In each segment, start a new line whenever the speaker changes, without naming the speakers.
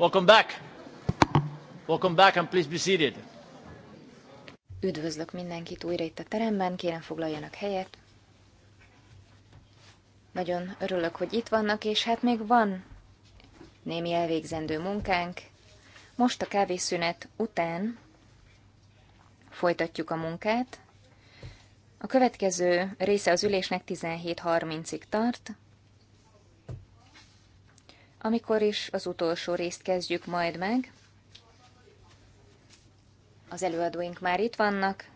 Welcome back. Welcome back and please be seated.
Üdvözlök mindenkit újra itt a teremben, kérem foglaljanak helyet. Nagyon örülök, hogy itt vannak, és hát még van némi elvégzendő munkánk. Most a kávészünet után folytatjuk a munkát. A következő része az ülésnek 17.30-ig tart, amikor is az utolsó részt kezdjük majd meg. Az előadóink már itt vannak.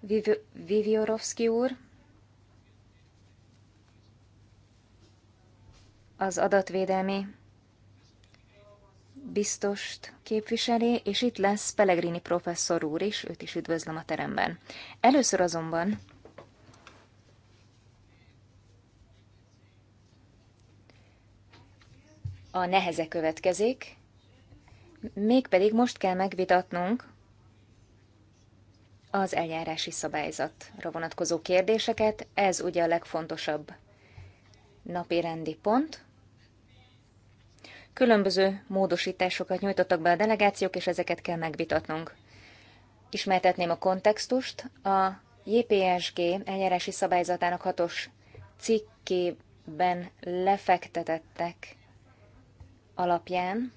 Viv- Viviorovski úr, az adatvédelmi biztost képviseli, és itt lesz Pellegrini professzor úr is, őt is üdvözlöm a teremben. Először azonban a neheze következik, mégpedig most kell megvitatnunk az eljárási szabályzatra vonatkozó kérdéseket. Ez ugye a legfontosabb napi rendi pont. Különböző módosításokat nyújtottak be a delegációk, és ezeket kell megvitatnunk. Ismertetném a kontextust. A JPSG eljárási szabályzatának hatos cikkében lefektetettek alapján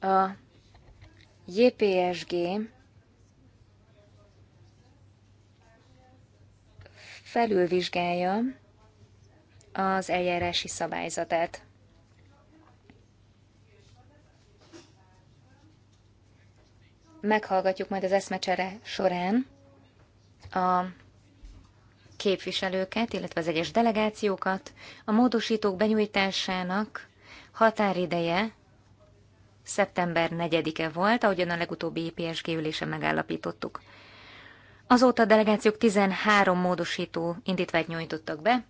a JPSG felülvizsgálja az eljárási szabályzatát. Meghallgatjuk majd az eszmecsere során a képviselőket, illetve az egyes delegációkat. A módosítók benyújtásának határideje szeptember 4-e volt, ahogyan a legutóbbi IPSG ülésen megállapítottuk. Azóta a delegációk 13 módosító indítványt nyújtottak be.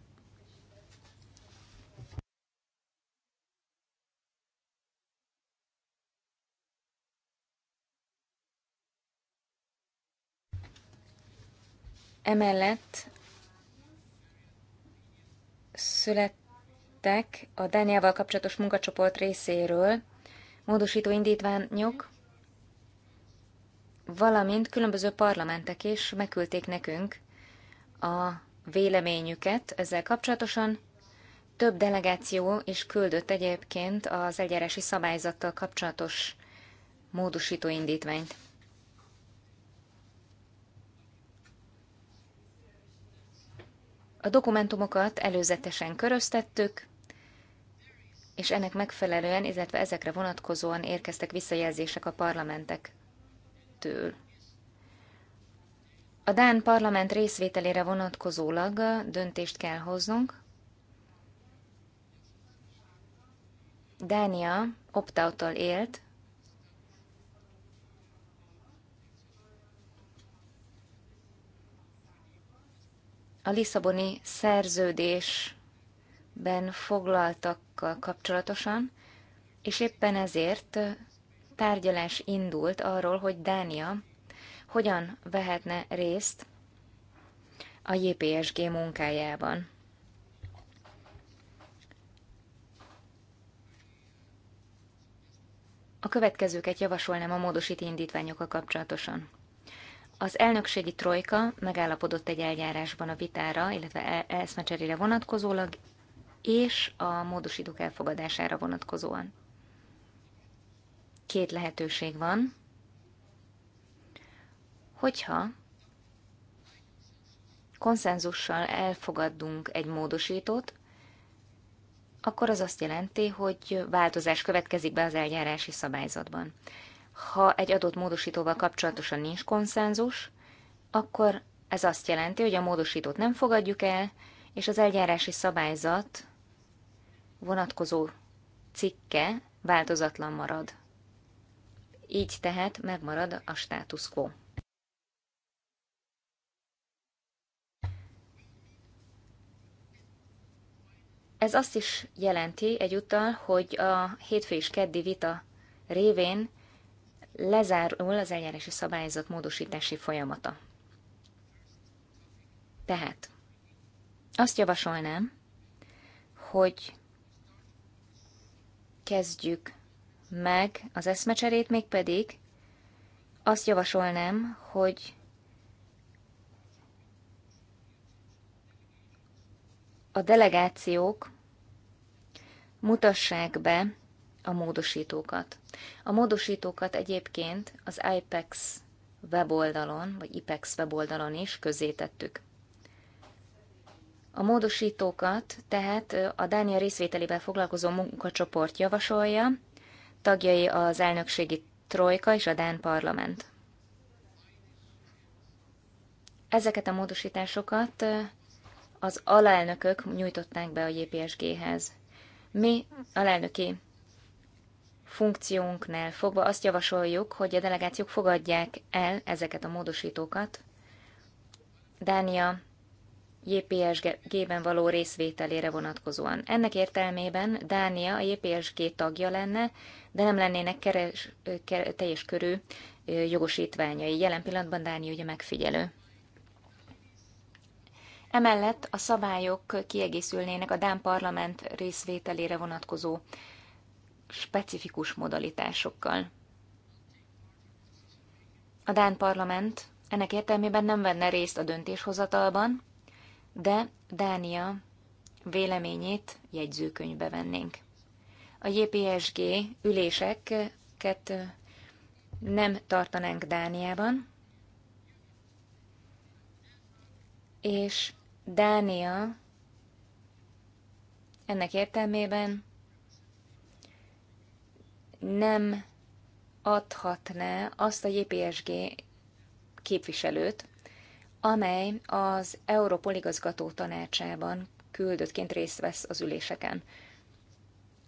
Emellett születtek a Dániával kapcsolatos munkacsoport részéről módosító indítványok, valamint különböző parlamentek is megküldték nekünk a véleményüket ezzel kapcsolatosan. Több delegáció is küldött egyébként az eljárási szabályzattal kapcsolatos módosító indítványt. A dokumentumokat előzetesen köröztettük, és ennek megfelelően, illetve ezekre vonatkozóan érkeztek visszajelzések a parlamentektől. A Dán parlament részvételére vonatkozólag döntést kell hoznunk. Dánia opt élt, a Lisszaboni szerződésben foglaltakkal kapcsolatosan, és éppen ezért tárgyalás indult arról, hogy Dánia hogyan vehetne részt a JPSG munkájában. A következőket javasolnám a módosít indítványokkal kapcsolatosan. Az elnökségi trojka megállapodott egy eljárásban a vitára, illetve e- eszmecserére vonatkozólag, és a módosítók elfogadására vonatkozóan. Két lehetőség van. Hogyha konszenzussal elfogadunk egy módosítót, akkor az azt jelenti, hogy változás következik be az eljárási szabályzatban ha egy adott módosítóval kapcsolatosan nincs konszenzus, akkor ez azt jelenti, hogy a módosítót nem fogadjuk el, és az eljárási szabályzat vonatkozó cikke változatlan marad. Így tehát megmarad a status quo. Ez azt is jelenti egyúttal, hogy a hétfő és keddi vita révén lezárul az eljárási szabályzat módosítási folyamata. Tehát azt javasolnám, hogy kezdjük meg az eszmecserét, mégpedig azt javasolnám, hogy a delegációk mutassák be a módosítókat. A módosítókat egyébként az IPEX weboldalon, vagy IPEX weboldalon is közzétettük. A módosítókat tehát a Dánia részvételével foglalkozó munkacsoport javasolja, tagjai az elnökségi trojka és a Dán parlament. Ezeket a módosításokat az alelnökök nyújtották be a JPSG-hez. Mi, alelnöki funkciónknál fogva azt javasoljuk, hogy a delegációk fogadják el ezeket a módosítókat. Dánia JPSG-ben való részvételére vonatkozóan. Ennek értelmében Dánia a JPSG tagja lenne, de nem lennének keres, ker, teljes körű jogosítványai. Jelen pillanatban Dánia ugye megfigyelő. Emellett a szabályok kiegészülnének a Dán parlament részvételére vonatkozó specifikus modalitásokkal. A Dán parlament ennek értelmében nem venne részt a döntéshozatalban, de Dánia véleményét jegyzőkönyvbe vennénk. A JPSG üléseket nem tartanánk Dániában, és Dánia ennek értelmében nem adhatne azt a JPSG képviselőt, amely az Európoligazgató tanácsában küldöttként részt vesz az üléseken.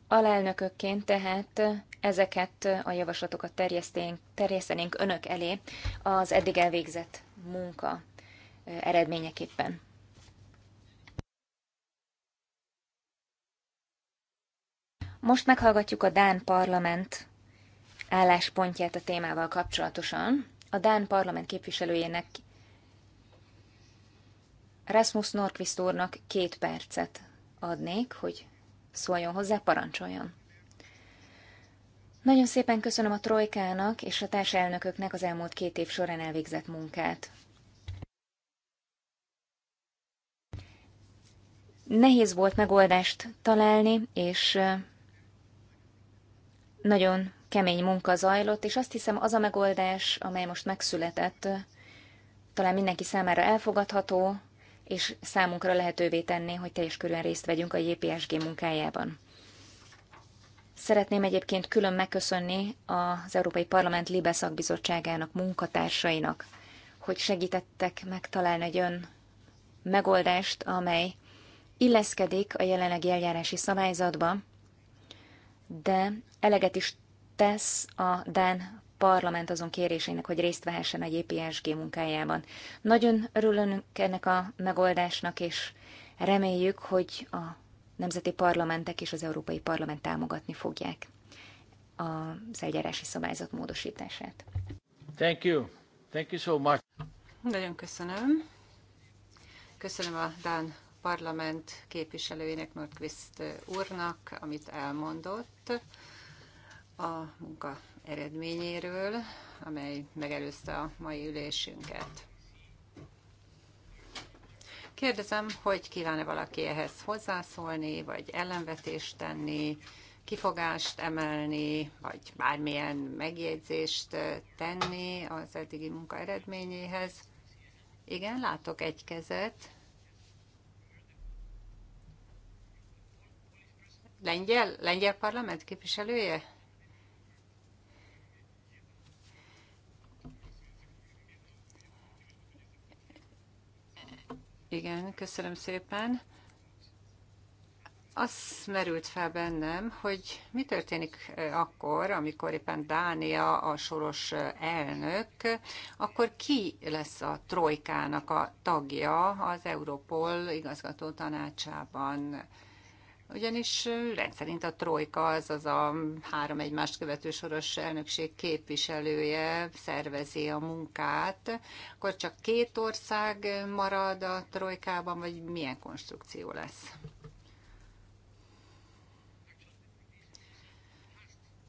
Alelnökökként tehát ezeket a javaslatokat terjesztenénk önök elé az eddig elvégzett munka eh, eredményeképpen. Most meghallgatjuk a Dán parlament álláspontját a témával kapcsolatosan. A Dán parlament képviselőjének Rasmus Norquist úrnak két percet adnék, hogy szóljon hozzá, parancsoljon. Nagyon szépen köszönöm a Trojkának és a társelnököknek az elmúlt két év során elvégzett munkát. Nehéz volt megoldást találni, és nagyon kemény munka zajlott, és azt hiszem az a megoldás, amely most megszületett, talán mindenki számára elfogadható, és számunkra lehetővé tenné, hogy teljes körűen részt vegyünk a JPSG munkájában. Szeretném egyébként külön megköszönni az Európai Parlament Libe szakbizottságának munkatársainak, hogy segítettek megtalálni egy olyan megoldást, amely illeszkedik a jelenlegi eljárási szabályzatba, de eleget is tesz a Dán parlament azon kérésének, hogy részt vehessen a JPSG munkájában. Nagyon örülünk ennek a megoldásnak, és reméljük, hogy a nemzeti parlamentek és az Európai Parlament támogatni fogják az eljárási szabályzat módosítását.
Thank you. Thank you so much.
Nagyon köszönöm. Köszönöm
a Dán Parlament képviselőjének, Nordquist úrnak, amit elmondott a munka eredményéről, amely megelőzte a mai ülésünket. Kérdezem, hogy kíván-e valaki ehhez hozzászólni, vagy ellenvetést tenni, kifogást emelni, vagy bármilyen megjegyzést tenni az eddigi munka eredményéhez. Igen, látok egy kezet. Lengyel? Lengyel parlament képviselője? Igen, köszönöm szépen. Az merült fel bennem, hogy mi történik eh, akkor, amikor éppen Dánia a soros eh, elnök, akkor ki lesz a trojkának a tagja az Európol igazgató tanácsában? Ugyanis rendszerint a trojka, az a három egymást követő soros elnökség képviselője szervezi a munkát, akkor csak két ország marad a trojkában, vagy milyen konstrukció lesz?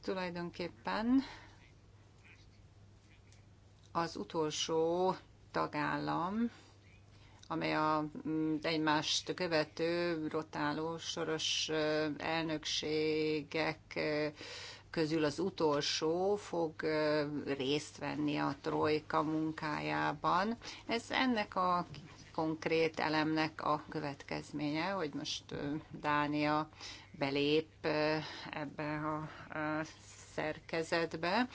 Tulajdonképpen az utolsó tagállam, amely a mm, egymást követő rotáló soros elnökségek közül az utolsó fog részt venni a trojka munkájában. Ez ennek a konkrét elemnek a következménye, hogy most Dánia belép ebbe a szerkezetbe.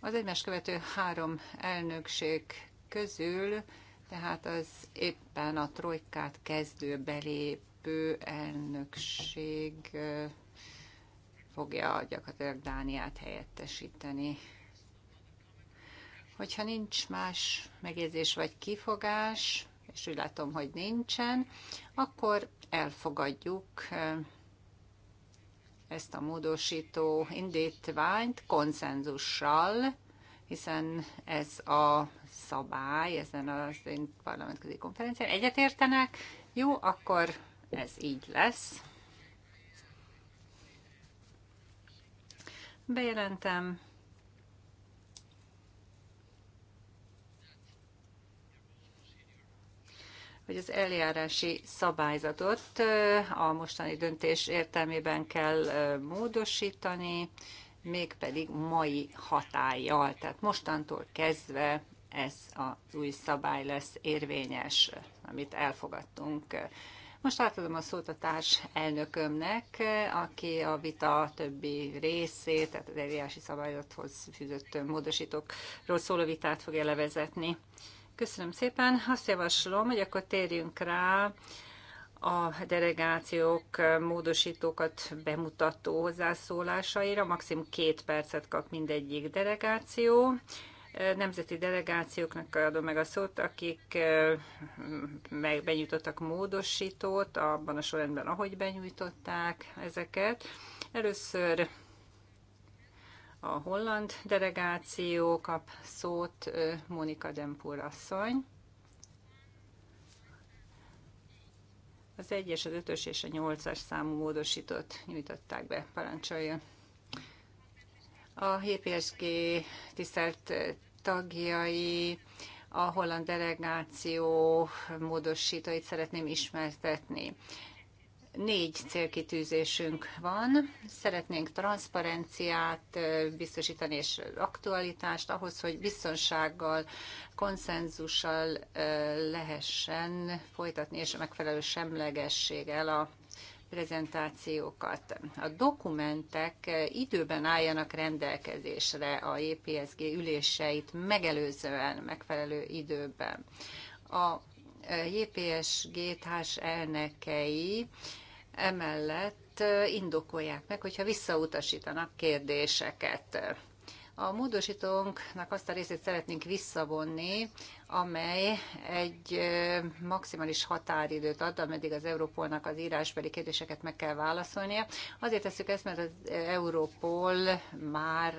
Az egymás követő három elnökség közül, tehát az éppen a trojkát kezdő belépő elnökség fogja gyakorlatilag Dániát helyettesíteni. Hogyha nincs más megjegyzés vagy kifogás, és úgy látom, hogy nincsen, akkor elfogadjuk ezt a módosító indítványt konszenzussal, hiszen ez a szabály ezen a parlamentközi konferencián. Egyetértenek? Jó, akkor ez így lesz. Bejelentem, hogy az eljárási szabályzatot a mostani döntés értelmében kell módosítani, mégpedig mai hatállyal. Tehát mostantól kezdve ez az új szabály lesz érvényes, amit elfogadtunk. Most átadom a szót a társ elnökömnek, aki a vita többi részét, tehát az eljárási szabályzathoz fűzött módosítókról szóló vitát fogja levezetni. Köszönöm szépen. Azt javaslom, hogy akkor térjünk rá a delegációk módosítókat bemutató hozzászólásaira. Maximum két percet kap mindegyik delegáció. Nemzeti delegációknak adom meg a szót, akik megbenyújtottak benyújtottak módosítót, abban a sorrendben, ahogy benyújtották ezeket. Először a holland delegáció kap szót Monika Dempur asszony. Az 1-es, az 5-ös és a 8-as számú módosított nyújtották be, parancsolja. A HPSG tisztelt tagjai a holland delegáció módosítóit szeretném ismertetni. Négy célkitűzésünk van. Szeretnénk transzparenciát biztosítani és aktualitást ahhoz, hogy biztonsággal, konszenzussal lehessen folytatni, és megfelelő semlegességgel a prezentációkat. A dokumentek időben álljanak rendelkezésre a JPSG üléseit megelőzően, megfelelő időben. A JPSG társ elnekei emellett indokolják meg, hogyha visszautasítanak kérdéseket. A módosítónknak azt a részét szeretnénk visszavonni, amely egy maximális határidőt ad, ameddig az Európolnak az írásbeli kérdéseket meg kell válaszolnia. Azért tesszük ezt, mert az Európol már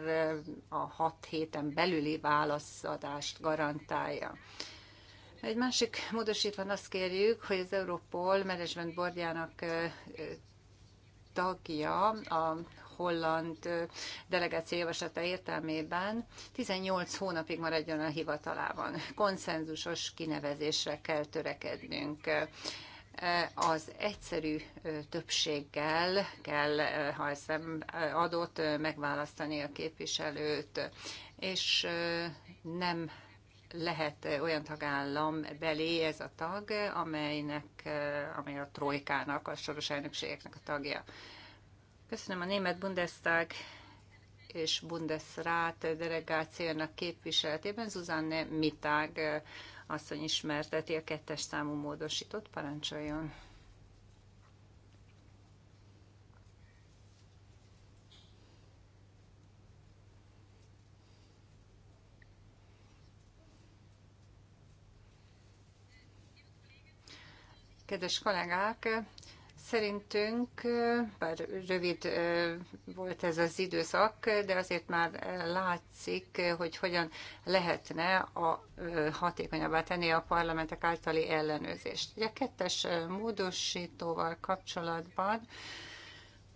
a hat héten belüli válaszadást garantálja. Egy másik módosítvan azt kérjük, hogy az Europol Management Boardjának tagja a holland delegáció javaslata értelmében 18 hónapig maradjon a hivatalában. Konszenzusos kinevezésre kell törekednünk az egyszerű többséggel kell, ha ez nem adott, megválasztani a képviselőt, és nem lehet eh, olyan tagállam belé ez a tag, amelynek, eh, amely a trojkának, a soros elnökségeknek a tagja. Köszönöm a német Bundestag és Bundesrat delegációnak képviseletében Zuzanne Mitág eh, asszony ismerteti a kettes számú módosított parancsoljon. Kedves kollégák, szerintünk, bár rövid volt ez az időszak, de azért már látszik, hogy hogyan lehetne a hatékonyabbá tenni a parlamentek általi ellenőrzést. Ugye kettes módosítóval kapcsolatban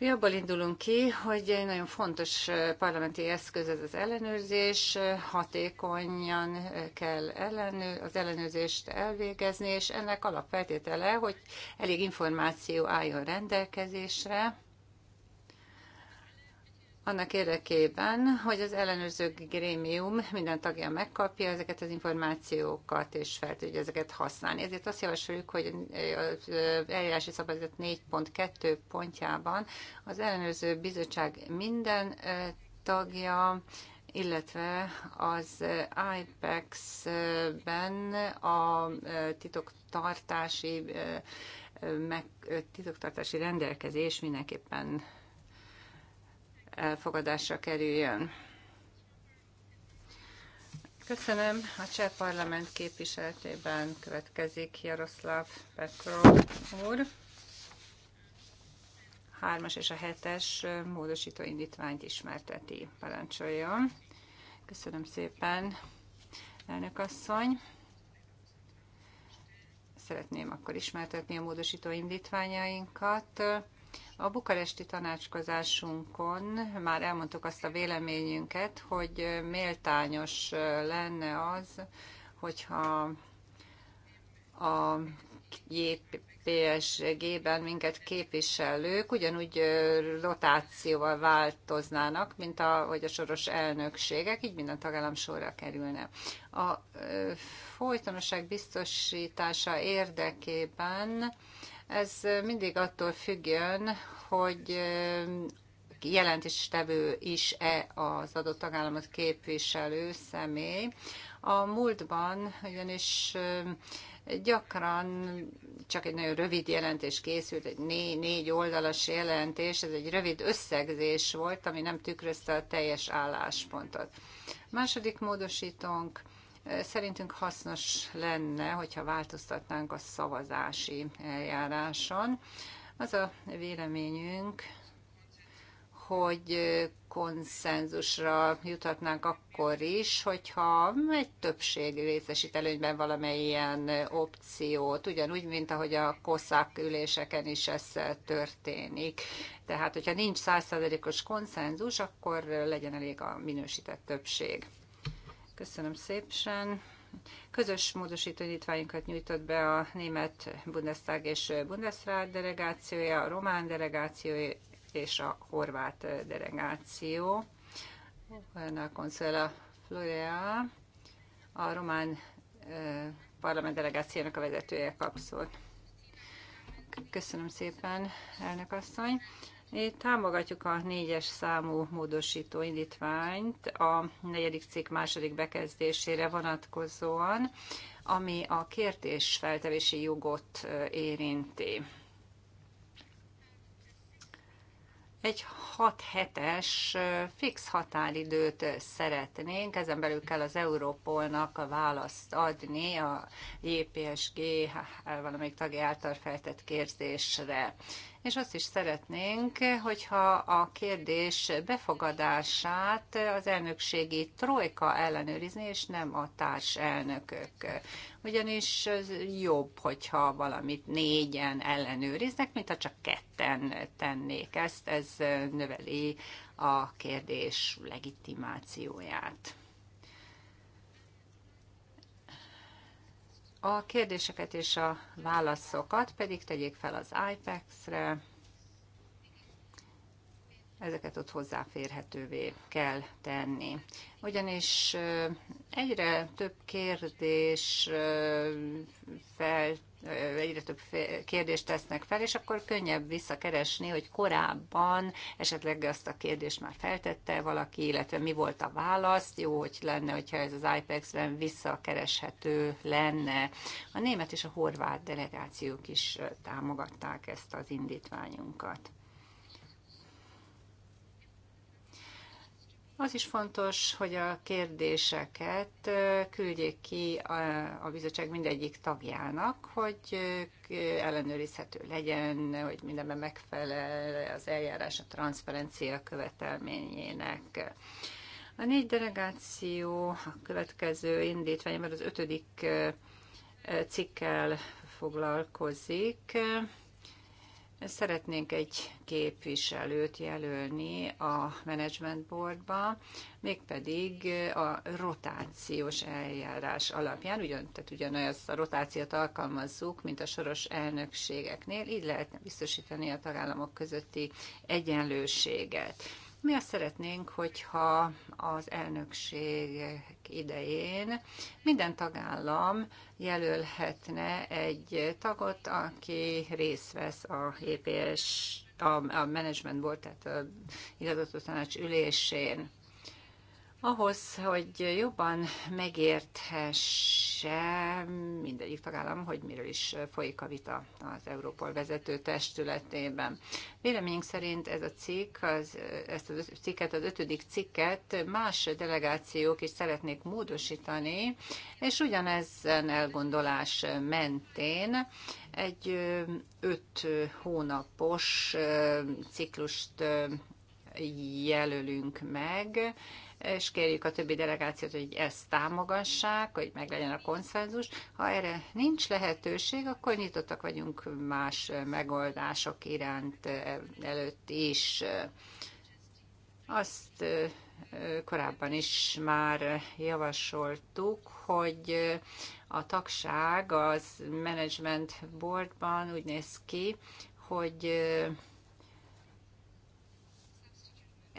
mi abból indulunk ki, hogy egy nagyon fontos parlamenti eszköz ez az ellenőrzés, hatékonyan kell ellenő, az ellenőrzést elvégezni, és ennek alapfeltétele, hogy elég információ álljon rendelkezésre, annak érdekében, hogy az ellenőrző grémium minden tagja megkapja ezeket az információkat, és fel tudja ezeket használni. Ezért azt javasoljuk, hogy az eljárási szabályzat 4.2 pontjában az ellenőrző bizottság minden tagja illetve az IPEX-ben a titoktartási, meg, titoktartási rendelkezés mindenképpen elfogadásra kerüljön. Köszönöm. A Cseh Parlament képviseletében következik Jaroszláv Petrov úr. Hármas és a hetes módosító indítványt ismerteti. Parancsoljon. Köszönöm szépen, elnök asszony. Szeretném akkor ismertetni a módosító indítványainkat. A bukaresti tanácskozásunkon már elmondtuk azt a véleményünket, hogy méltányos lenne az, hogyha a jpsg ben minket képviselők ugyanúgy rotációval változnának, mint a, hogy a soros elnökségek, így minden tagállam sorra kerülne. A folytonosság biztosítása érdekében ez mindig attól függjön, hogy jelentéstevő is-e az adott tagállamot képviselő személy. A múltban ugyanis gyakran csak egy nagyon rövid jelentés készült, egy né- négy oldalas jelentés, ez egy rövid összegzés volt, ami nem tükrözte a teljes álláspontot. Második módosítónk Szerintünk hasznos lenne, hogyha változtatnánk a szavazási eljáráson. Az a véleményünk, hogy konszenzusra jutatnánk akkor is, hogyha egy többség részesít előnyben valamilyen opciót, ugyanúgy, mint ahogy a koszák üléseken is ez történik. Tehát, hogyha nincs százszázalékos konszenzus, akkor legyen elég a minősített többség. Köszönöm szépen. Közös módosító indítványunkat nyújtott be a német Bundestag és Bundesrat delegációja, a román delegáció és a horvát delegáció. Olyan Consuela Florea, a román parlament delegációnak a vezetője kapszol. Köszönöm szépen, elnök asszony. Itt támogatjuk a négyes számú módosító indítványt a negyedik cikk második bekezdésére vonatkozóan, ami a kértés feltevési jogot érinti. Egy 6 hetes fix határidőt szeretnénk, ezen belül kell az Európolnak a választ adni a JPSG valamelyik tagja által feltett kérdésre és azt is szeretnénk, hogyha a kérdés befogadását az elnökségi trojka ellenőrizni, és nem a társ elnökök. Ugyanis jobb, hogyha valamit négyen ellenőriznek, mint ha csak ketten tennék ezt, ez növeli a kérdés legitimációját. A kérdéseket és a válaszokat pedig tegyék fel az IPEX-re, ezeket ott hozzáférhetővé kell tenni. Ugyanis egyre több kérdés fel egyre több kérdést tesznek fel, és akkor könnyebb visszakeresni, hogy korábban esetleg azt a kérdést már feltette valaki, illetve mi volt a válasz. Jó, hogy lenne, hogyha ez az IPEX-ben visszakereshető lenne. A német és a horvát delegációk is támogatták ezt az indítványunkat. Az is fontos, hogy a kérdéseket küldjék ki a bizottság mindegyik tagjának, hogy ellenőrizhető legyen, hogy mindenben megfelel az eljárás a transzparencia követelményének. A négy delegáció a következő indítványban az ötödik cikkel foglalkozik. Szeretnénk egy képviselőt jelölni a Management Boardba, mégpedig a rotációs eljárás alapján, ugyan, tehát ugyanazt a rotációt alkalmazzuk, mint a soros elnökségeknél, így lehetne biztosítani a tagállamok közötti egyenlőséget. Mi azt szeretnénk, hogyha az elnökség idején minden tagállam jelölhetne egy tagot, aki részt vesz a HPS, a, a Management Board, tehát a igazgató tanács ülésén. Ahhoz, hogy jobban megérthesse mindegyik tagállam, hogy miről is folyik a vita az Európol vezető testületében. Véleményünk szerint ez a cikk, az, ezt a cikket, az ötödik cikket más delegációk is szeretnék módosítani, és ugyanezen elgondolás mentén egy öt hónapos ciklust jelölünk meg, és kérjük a többi delegációt, hogy ezt támogassák, hogy meglegyen a konszenzus. Ha erre nincs lehetőség, akkor nyitottak vagyunk más megoldások iránt e, előtt is. Azt e, korábban is már javasoltuk, hogy a tagság az management boardban úgy néz ki, hogy e,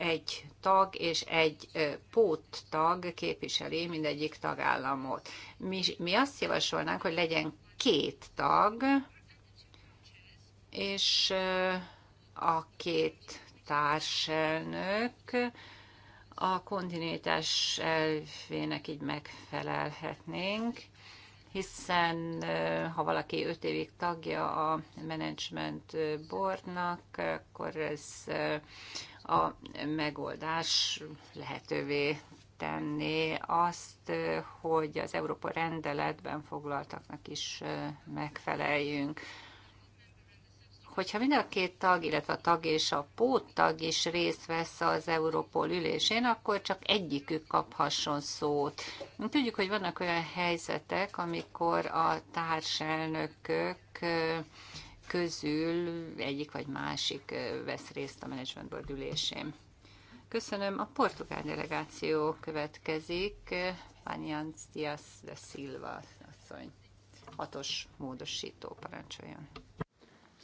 egy tag és egy tag képviseli mindegyik tagállamot. Mi, mi azt javasolnánk, hogy legyen két tag, és a két társelnök a kontinuitás elvének így megfelelhetnénk, hiszen ha valaki öt évig tagja a management boardnak, akkor ez a megoldás lehetővé tenni azt, hogy az Európa rendeletben foglaltaknak is megfeleljünk hogyha mind a két tag, illetve a tag és a póttag is részt vesz az Európol ülésén, akkor csak egyikük kaphasson szót. Tudjuk, hogy vannak olyan helyzetek, amikor a társelnökök közül egyik vagy másik vesz részt a Management Board ülésén. Köszönöm. A portugál delegáció következik. Pányánc Dias de Silva asszony. Hatos módosító parancsoljon.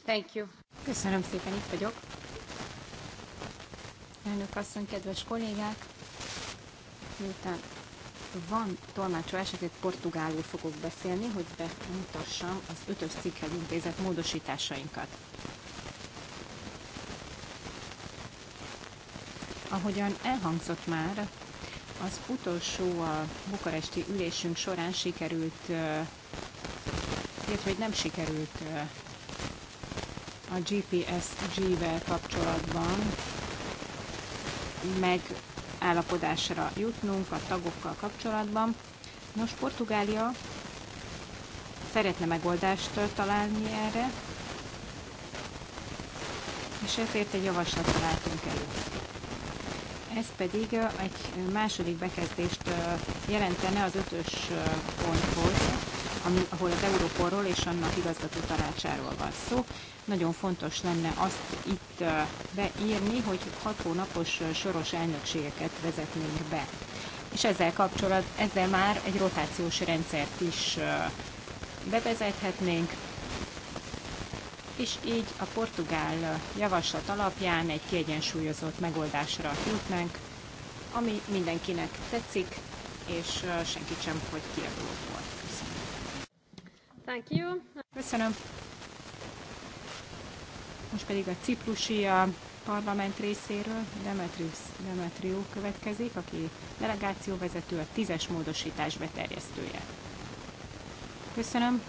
Thank you. Köszönöm szépen, itt vagyok. Elnök asszony, kedves kollégák, miután van tolmácsó esetét, portugálul fogok beszélni, hogy bemutassam az ötös cikkhez intézett módosításainkat. Ahogyan elhangzott már, az utolsó a bukaresti ülésünk során sikerült, illetve hogy nem sikerült a GPS-G-vel kapcsolatban meg állapodásra jutnunk a tagokkal kapcsolatban. Nos, Portugália szeretne megoldást találni erre, és ezért egy javaslatra látunk elő. Ez pedig egy második bekezdést jelentene az ötös ponthoz, ahol az Európorról és annak igazgató tanácsáról van szó. Nagyon fontos lenne azt itt beírni, hogy hat hónapos soros elnökségeket vezetnénk be. És ezzel kapcsolat, ezzel már egy rotációs rendszert is bevezethetnénk, és így a portugál javaslat alapján egy kiegyensúlyozott megoldásra jutnánk, ami mindenkinek tetszik, és senkit sem hogy volt. Thank you. Köszönöm. Most pedig a ciprusi a parlament részéről Demetrius Demetriou következik, aki delegációvezető, a tízes módosítás beterjesztője. Köszönöm.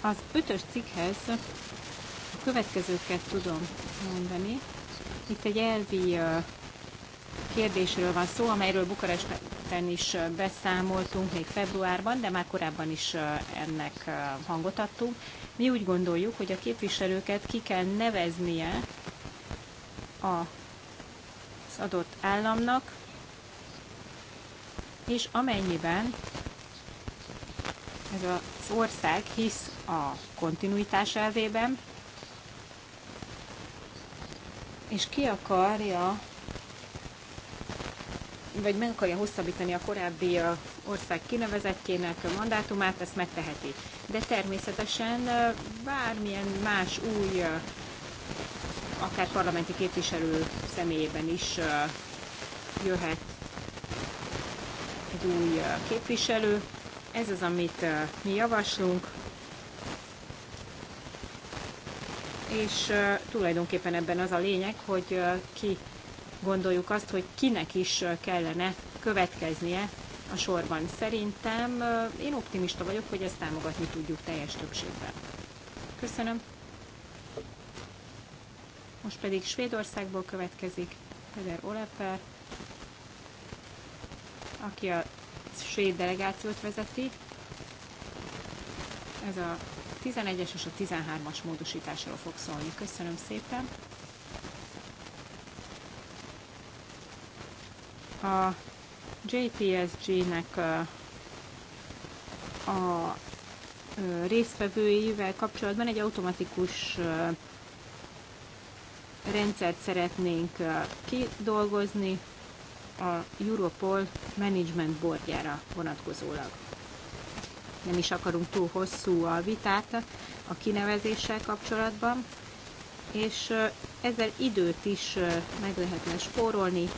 Az ötös cikkhez a következőket tudom mondani. Itt egy elvi kérdésről van szó, amelyről Bukaresten is beszámoltunk még februárban, de már korábban is ennek hangot adtunk. Mi úgy gondoljuk, hogy a képviselőket ki kell neveznie az adott államnak, és amennyiben ez az ország hisz a kontinuitás elvében, és ki akarja vagy meg akarja hosszabbítani a korábbi ország kinevezettjének mandátumát, ezt megteheti. De természetesen bármilyen más új, akár parlamenti képviselő személyében is jöhet egy új képviselő. Ez az, amit mi javaslunk, és tulajdonképpen ebben az a lényeg, hogy ki gondoljuk azt, hogy kinek is kellene következnie a sorban. Szerintem én optimista vagyok, hogy ezt támogatni tudjuk teljes többségben. Köszönöm. Most pedig Svédországból következik Peder Oleper, aki a svéd delegációt vezeti. Ez a 11-es és a 13-as módosításról fog szólni. Köszönöm szépen! a JPSG-nek a résztvevőivel kapcsolatban egy automatikus rendszert szeretnénk kidolgozni a Europol Management Boardjára vonatkozólag. Nem is akarunk túl hosszú a vitát a kinevezéssel kapcsolatban, és ezzel időt is meg lehetne spórolni,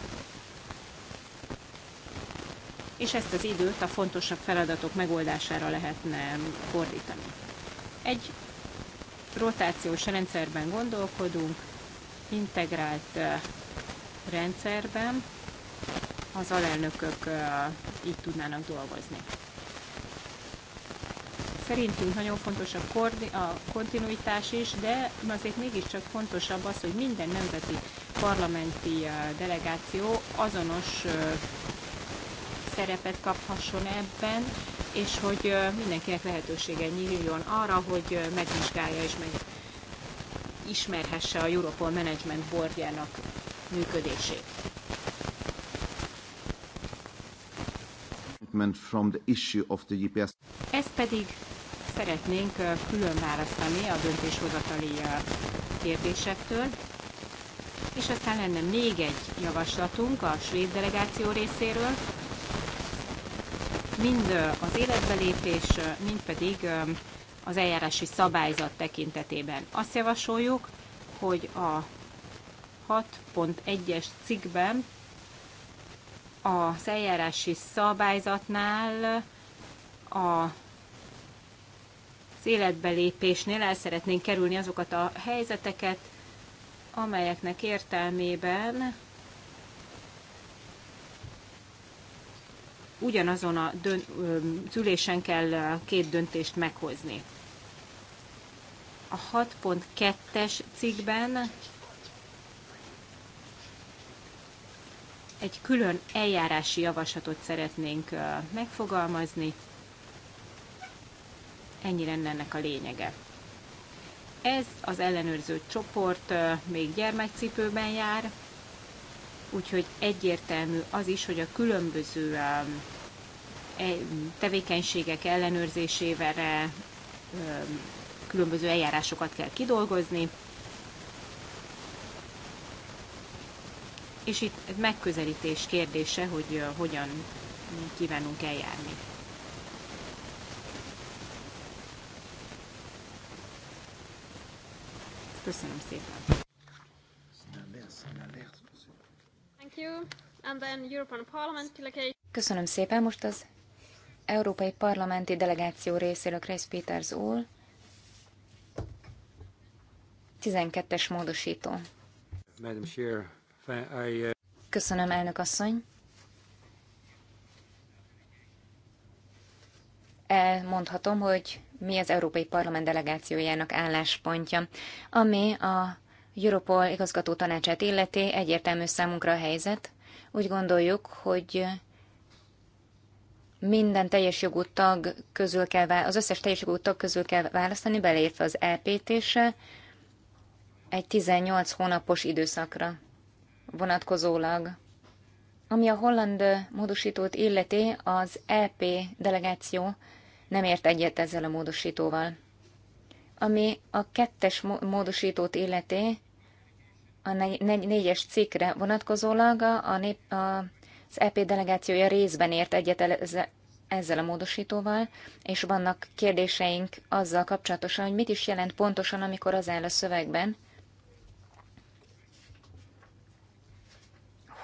és ezt az időt a fontosabb feladatok megoldására lehetne fordítani. Egy rotációs rendszerben gondolkodunk, integrált rendszerben az alelnökök így tudnának dolgozni. Szerintünk nagyon fontos a, a kontinuitás is, de azért mégiscsak fontosabb az, hogy minden nemzeti parlamenti delegáció azonos szerepet kaphasson ebben, és hogy mindenkinek lehetősége nyíljon arra, hogy megvizsgálja és meg ismerhesse a Europol Management Boardjának működését.
From the issue of the GPS.
Ezt pedig szeretnénk külön választani a döntéshozatali kérdésektől. És aztán lenne még egy javaslatunk a svéd delegáció részéről, mind az életbelépés, mind pedig az eljárási szabályzat tekintetében. Azt javasoljuk, hogy a 6.1-es cikkben az eljárási szabályzatnál a az életbelépésnél el szeretnénk kerülni azokat a helyzeteket, amelyeknek értelmében ugyanazon a dönt, ülésen kell két döntést meghozni. A 6.2-es cikkben egy külön eljárási javaslatot szeretnénk megfogalmazni. Ennyi lenne ennek a lényege. Ez az ellenőrző csoport még gyermekcipőben jár, úgyhogy egyértelmű az is, hogy a különböző um, e, tevékenységek ellenőrzésével um, különböző eljárásokat kell kidolgozni, és itt egy megközelítés kérdése, hogy uh, hogyan kívánunk eljárni. Köszönöm szépen!
Köszönöm szépen. Most az Európai Parlamenti Delegáció részéről Chris Peters úr. 12-es módosító.
Uh-
Köszönöm, elnök asszony. Elmondhatom, hogy mi az Európai Parlament delegációjának álláspontja, ami a Europol igazgató tanácsát illeti, egyértelmű számunkra a helyzet. Úgy gondoljuk, hogy minden teljes jogú tag közül kell, az összes teljes jogú tag közül kell választani, beleértve az ep se egy 18 hónapos időszakra vonatkozólag. Ami a holland módosítót illeti, az EP delegáció nem ért egyet ezzel a módosítóval. Ami a kettes módosítót illeti, a négyes cikkre vonatkozólag a, a, a, az EP delegációja részben ért egyet ezzel a módosítóval, és vannak kérdéseink azzal kapcsolatosan, hogy mit is jelent pontosan, amikor az áll a szövegben,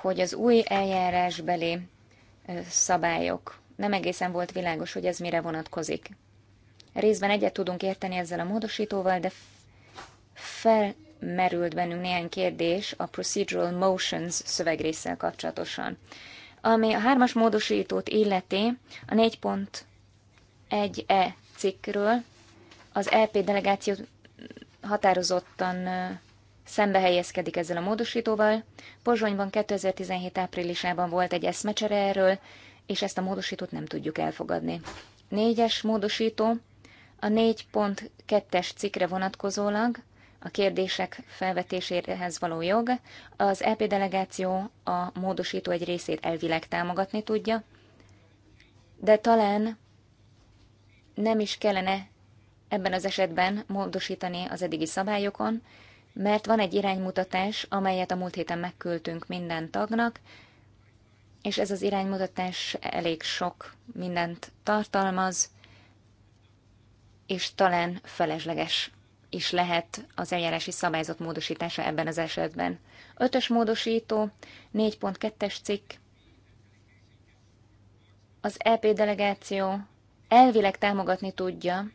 hogy az új eljárásbeli szabályok. Nem egészen volt világos, hogy ez mire vonatkozik. Részben egyet tudunk érteni ezzel a módosítóval, de fel merült bennünk néhány kérdés a procedural motions szövegrésszel kapcsolatosan. Ami a hármas módosítót illeti, a 4.1e cikkről az LP e delegáció határozottan szembe helyezkedik ezzel a módosítóval. Pozsonyban 2017 áprilisában volt egy eszmecsere erről, és ezt a módosítót nem tudjuk elfogadni. Négyes módosító a 4.2-es cikkre vonatkozólag a kérdések felvetéséhez való jog. Az EP delegáció a módosító egy részét elvileg támogatni tudja, de talán nem is kellene ebben az esetben módosítani az eddigi szabályokon, mert van egy iránymutatás, amelyet a múlt héten megküldtünk minden tagnak, és ez az iránymutatás elég sok mindent tartalmaz, és talán felesleges is lehet az eljárási szabályzat módosítása ebben az esetben. Ötös módosító, 4.2-es cikk, az EP delegáció elvileg támogatni tudja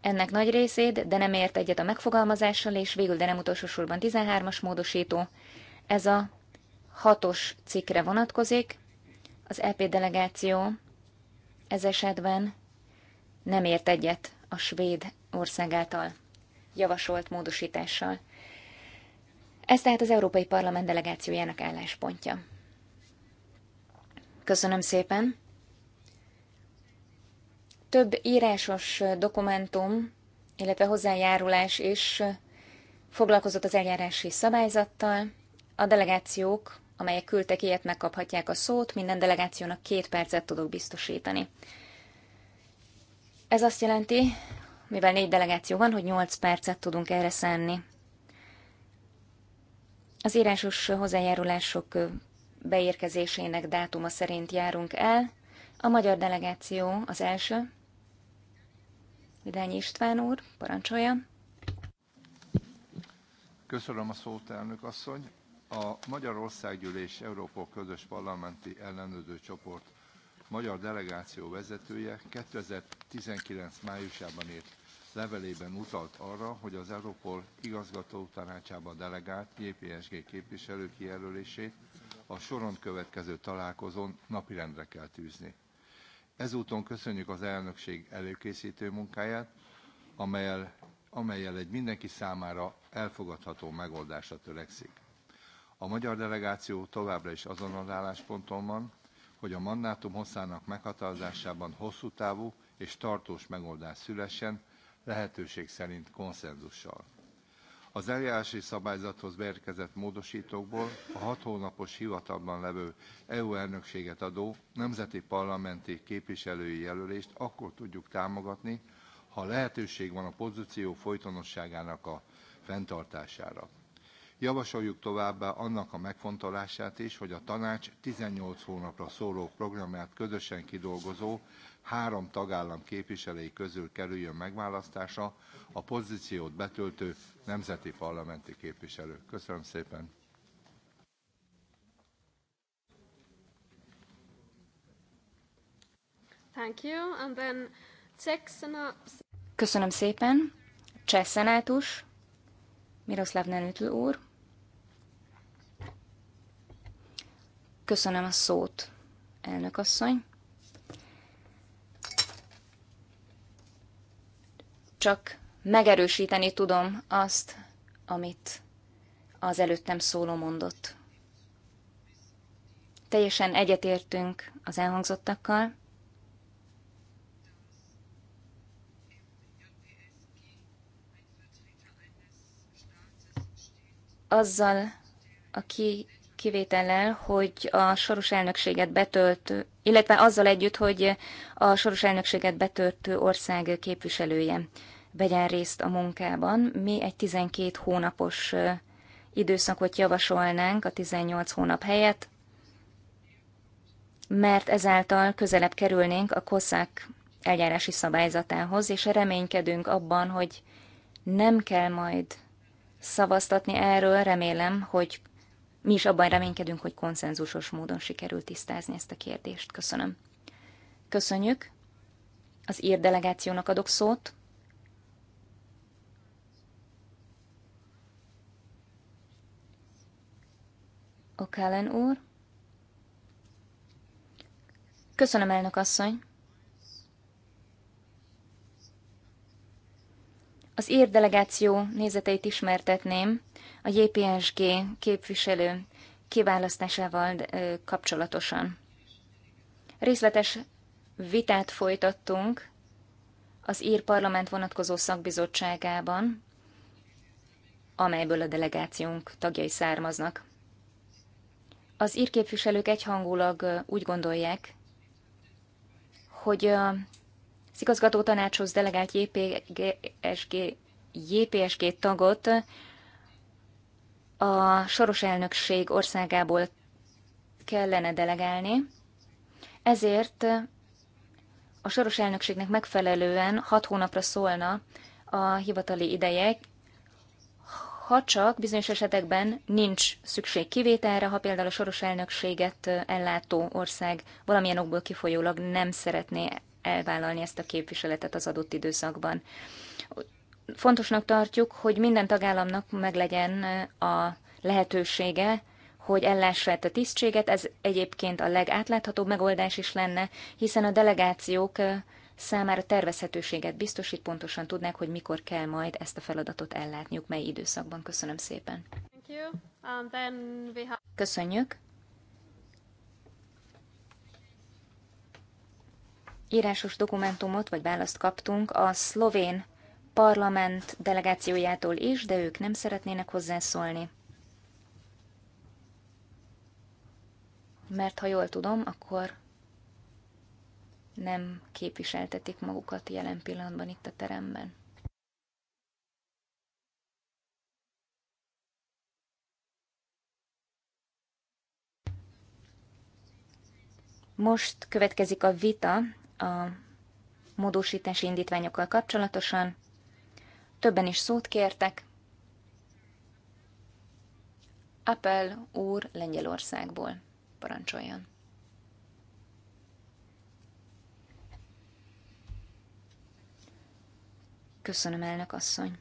ennek nagy részét, de nem ért egyet a megfogalmazással, és végül, de nem utolsó sorban 13-as módosító. Ez a hatos cikkre vonatkozik. Az EP delegáció ez esetben nem ért egyet a svéd ország által javasolt módosítással. Ez tehát az Európai Parlament delegációjának álláspontja. Köszönöm szépen! Több írásos dokumentum, illetve hozzájárulás is foglalkozott az eljárási szabályzattal. A delegációk, amelyek küldtek ilyet, megkaphatják a szót, minden delegációnak két percet tudok biztosítani. Ez azt jelenti, mivel négy delegáció van, hogy 8 percet tudunk erre szánni. Az írásos hozzájárulások beérkezésének dátuma szerint járunk el. A magyar delegáció az első. Vidányi István úr, parancsolja.
Köszönöm a szót, elnök asszony. A Magyarországgyűlés Európa Közös Parlamenti Ellenőrző Csoport magyar delegáció vezetője 2019. májusában írt levelében utalt arra, hogy az Europol igazgató tanácsába delegált JPSG képviselő kijelölését a soron következő találkozón napirendre kell tűzni. Ezúton köszönjük az elnökség előkészítő munkáját, amelyel, amelyel egy mindenki számára elfogadható megoldásra törekszik. A magyar delegáció továbbra is azon az állásponton van, hogy a mandátum hosszának meghatározásában hosszú távú és tartós megoldás szülessen, lehetőség szerint konszenzussal. Az eljárási szabályzathoz beérkezett módosítókból a hat hónapos hivatalban levő EU elnökséget adó nemzeti parlamenti képviselői jelölést akkor tudjuk támogatni, ha lehetőség van a pozíció folytonosságának a fenntartására. Javasoljuk továbbá annak a megfontolását is, hogy a tanács 18 hónapra szóló programját közösen kidolgozó három tagállam képviselői közül kerüljön megválasztása a pozíciót betöltő nemzeti parlamenti képviselő. Köszönöm szépen!
Thank you. And then
Köszönöm szépen. Cseh szenátus, Miroslav Nenütl úr. Köszönöm a szót, elnök asszony. csak megerősíteni tudom azt, amit az előttem szóló mondott. Teljesen egyetértünk az elhangzottakkal. Azzal a ki, kivétellel, hogy a soros elnökséget betöltő, illetve azzal együtt, hogy a soros elnökséget betöltő ország képviselője vegyen részt a munkában. Mi egy 12 hónapos időszakot javasolnánk a 18 hónap helyett, mert ezáltal közelebb kerülnénk a koszák eljárási szabályzatához, és reménykedünk abban, hogy nem kell majd szavaztatni erről, remélem, hogy mi is abban reménykedünk, hogy konszenzusos módon sikerült tisztázni ezt a kérdést. Köszönöm. Köszönjük. Az ír delegációnak adok szót. Okellen úr. Köszönöm, elnök asszony. Az ír delegáció nézeteit ismertetném a JPSG képviselő kiválasztásával kapcsolatosan. Részletes vitát folytattunk az ír parlament vonatkozó szakbizottságában, amelyből a delegációnk tagjai származnak. Az írképviselők egyhangulag úgy gondolják, hogy az igazgató tanácshoz delegált JPSG, JPSG tagot a soros elnökség országából kellene delegálni, ezért a soros elnökségnek megfelelően hat hónapra szólna a hivatali ideje, ha csak bizonyos esetekben nincs szükség kivételre, ha például a soros elnökséget ellátó ország valamilyen okból kifolyólag nem szeretné elvállalni ezt a képviseletet az adott időszakban. Fontosnak tartjuk, hogy minden tagállamnak meglegyen a lehetősége, hogy ellássa a tisztséget, ez egyébként a legátláthatóbb megoldás is lenne, hiszen a delegációk számára tervezhetőséget biztosít, pontosan tudnák, hogy mikor kell majd ezt a feladatot ellátniuk, mely időszakban. Köszönöm szépen. Köszönjük. Írásos dokumentumot vagy választ kaptunk a szlovén parlament delegációjától is, de ők nem szeretnének hozzászólni. Mert ha jól tudom, akkor nem képviseltetik magukat jelen pillanatban itt a teremben. Most következik a vita a módosítási indítványokkal kapcsolatosan. Többen is szót kértek. Apple úr Lengyelországból parancsoljon. Köszönöm, elnök asszony.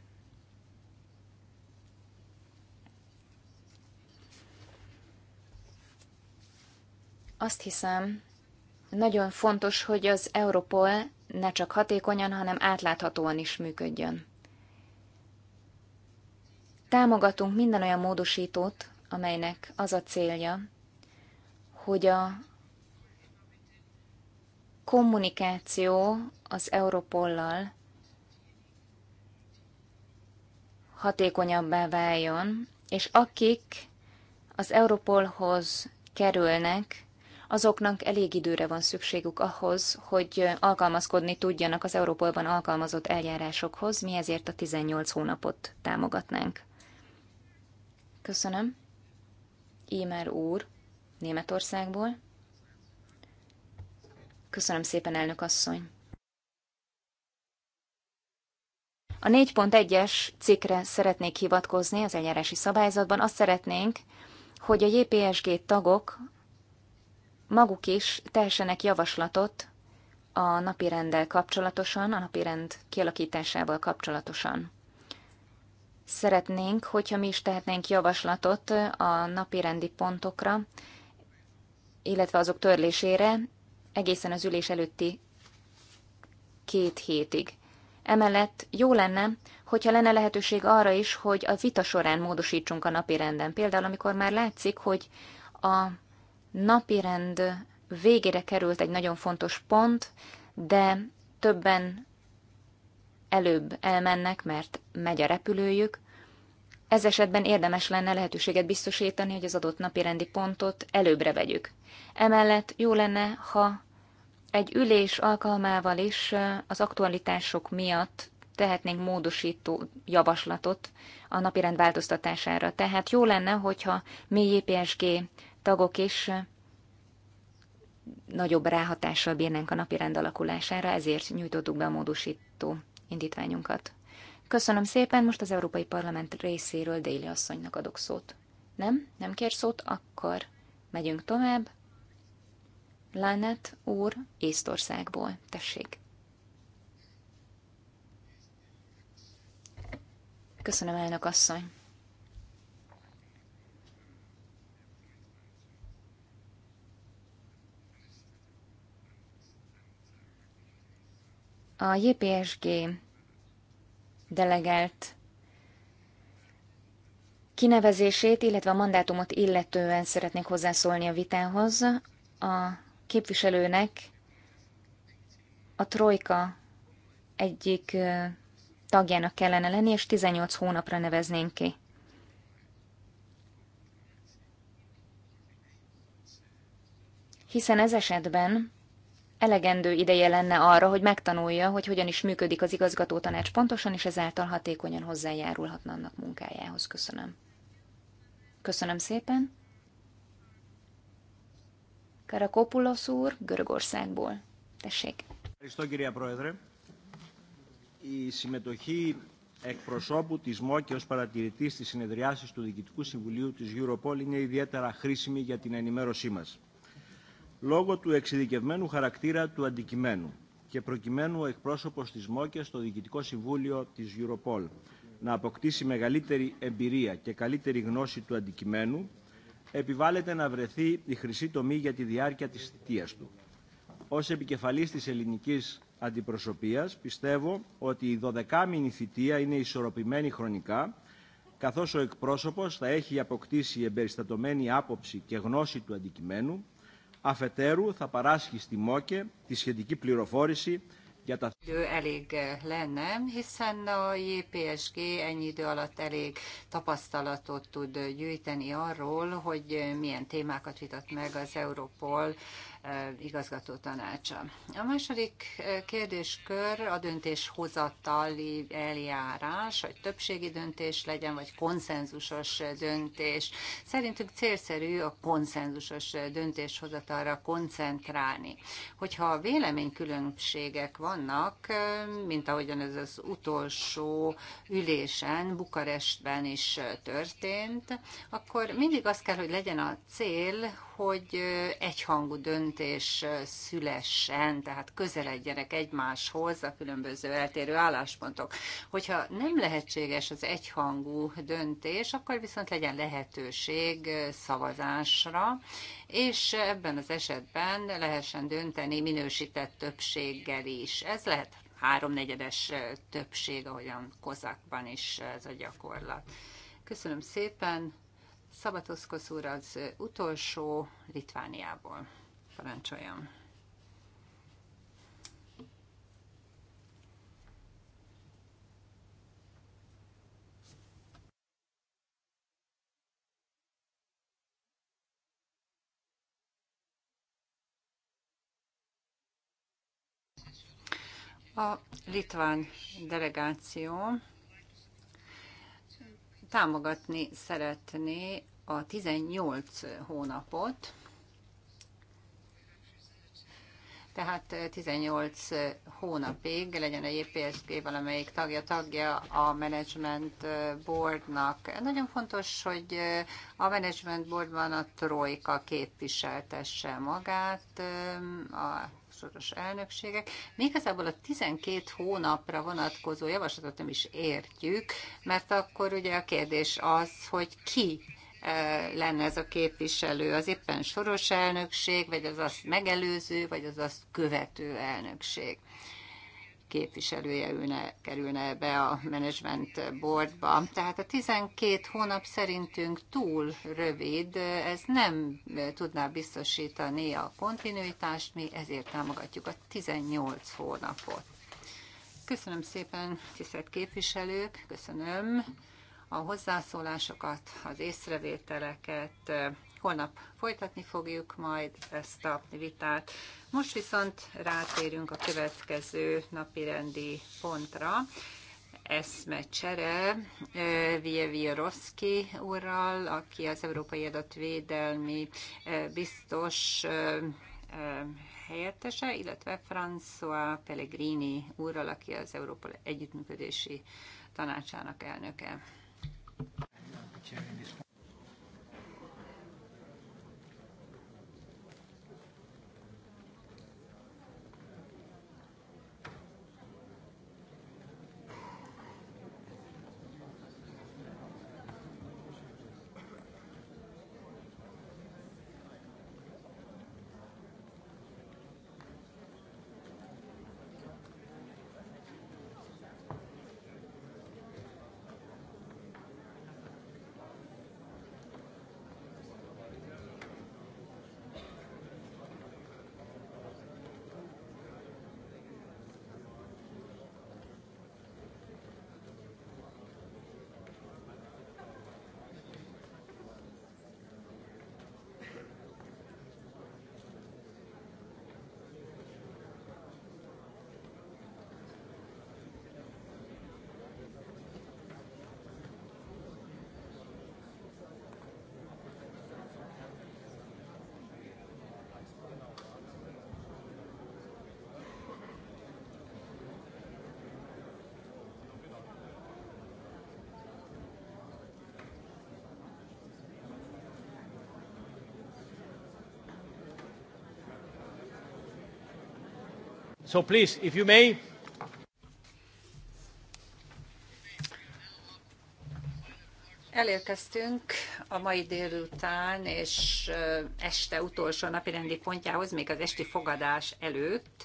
Azt hiszem, nagyon fontos, hogy az Europol ne csak hatékonyan, hanem átláthatóan is működjön. Támogatunk minden olyan módosítót, amelynek az a célja, hogy a kommunikáció az Europollal hatékonyabbá váljon, és akik az Europolhoz kerülnek, azoknak elég időre van szükségük ahhoz, hogy alkalmazkodni tudjanak az Európolban alkalmazott eljárásokhoz, mi ezért a 18 hónapot támogatnánk. Köszönöm. Imer úr, Németországból. Köszönöm szépen, elnök asszony. A 4.1-es cikkre szeretnék hivatkozni az eljárási szabályzatban. Azt szeretnénk, hogy a JPSG tagok maguk is tehessenek javaslatot a napirenddel kapcsolatosan, a napirend kialakításával kapcsolatosan. Szeretnénk, hogyha mi is tehetnénk javaslatot a napirendi pontokra, illetve azok törlésére egészen az ülés előtti két hétig. Emellett jó lenne, hogyha lenne lehetőség arra is, hogy a vita során módosítsunk a napirenden. Például, amikor már látszik, hogy a napirend végére került egy nagyon fontos pont, de többen előbb elmennek, mert megy a repülőjük. Ez esetben érdemes lenne lehetőséget biztosítani, hogy az adott napi rendi pontot előbbre vegyük. Emellett jó lenne, ha egy ülés alkalmával is az aktualitások miatt tehetnénk módosító javaslatot a napirend változtatására. Tehát jó lenne, hogyha mi JPSG tagok is nagyobb ráhatással bírnánk a napirend alakulására, ezért nyújtottuk be a módosító indítványunkat. Köszönöm szépen, most az Európai Parlament részéről Déli asszonynak adok szót. Nem? Nem kér szót? Akkor megyünk tovább. Lánet úr Észtországból. Tessék. Köszönöm, elnök asszony. A JPSG delegált kinevezését, illetve a mandátumot illetően szeretnék hozzászólni a vitához. A képviselőnek a Trojka egyik tagjának kellene lenni, és 18 hónapra neveznénk ki. Hiszen ez esetben elegendő ideje lenne arra, hogy megtanulja, hogy hogyan is működik az igazgató tanács pontosan, és ezáltal hatékonyan hozzájárulhatna annak munkájához. Köszönöm. Köszönöm szépen. Karakopulos úr Görögországból. Tessék.
Ευχαριστώ κυρία Πρόεδρε. Η συμμετοχή εκπροσώπου της ΜΟΚΕ ως παρατηρητής στις συνεδριάσεις του Διοικητικού Συμβουλίου της Europol είναι ιδιαίτερα χρήσιμη για την ενημέρωσή μας. Λόγω του εξειδικευμένου χαρακτήρα του αντικειμένου και προκειμένου ο εκπρόσωπος της ΜΟΚΕ στο Διοικητικό Συμβούλιο της Europol να αποκτήσει μεγαλύτερη εμπειρία και καλύτερη
γνώση του αντικειμένου επιβάλλεται να βρεθεί η χρυσή τομή για τη διάρκεια της θητείας
του. Ως επικεφαλής της ελληνικής αντιπροσωπείας πιστεύω ότι η δωδεκάμινη θητεία είναι ισορροπημένη χρονικά καθώς ο εκπρόσωπος θα
έχει αποκτήσει εμπεριστατωμένη άποψη και γνώση του αντικειμένου, αφετέρου θα παράσχει στη ΜΟΚΕ τη σχετική πληροφόρηση idő
elég eh, lenne, hiszen a JPSG ennyi idő alatt elég tapasztalatot tud gyűjteni arról, hogy eh, milyen témákat vitat meg az Europol igazgató tanácsa. A második kérdéskör a döntéshozatali eljárás, hogy többségi döntés legyen, vagy konszenzusos döntés. Szerintünk célszerű a konszenzusos döntéshozatalra koncentrálni. Hogyha véleménykülönbségek vannak, mint ahogyan ez az utolsó ülésen Bukarestben is történt, akkor mindig az kell, hogy legyen a cél, hogy egyhangú döntés szülessen, tehát közeledjenek egymáshoz a különböző eltérő álláspontok. Hogyha nem lehetséges az egyhangú döntés, akkor viszont legyen lehetőség szavazásra, és ebben az esetben lehessen dönteni minősített többséggel is. Ez lehet háromnegyedes többség, ahogyan kozákban is ez a gyakorlat. Köszönöm szépen! Szabatoszkosz úr az utolsó Litvániából. parancsoljam. A litván delegáció támogatni szeretné a 18 hónapot, tehát 18 eh, eh, hónapig legyen a JPSG valamelyik tagja, tagja a Management eh, Boardnak. Nagyon fontos, hogy a Management Boardban a trojka képviseltesse magát, a soros elnökségek. Mi igazából a 12 hónapra vonatkozó javaslatot nem is értjük, mert akkor ugye a kérdés az, hogy ki e, lenne ez a képviselő, az éppen soros elnökség, vagy az azt megelőző, vagy az azt követő elnökség képviselője ülne, kerülne be a management boardba. Tehát a 12 hónap szerintünk túl rövid, ez nem tudná biztosítani a kontinuitást, mi ezért támogatjuk a 18 hónapot. Köszönöm szépen, tisztelt képviselők, köszönöm a hozzászólásokat, az észrevételeket. Holnap folytatni fogjuk majd ezt a vitát. Most viszont rátérünk a következő napirendi pontra. Eszmecsere eh, Vieviroszki úrral, aki az Európai Adatvédelmi eh, biztos eh, helyettese, illetve François Pellegrini úrral, aki az Európa Együttműködési Tanácsának elnöke. So please, if you may. Elérkeztünk a mai délután és este utolsó napirendi pontjához, még az esti fogadás előtt.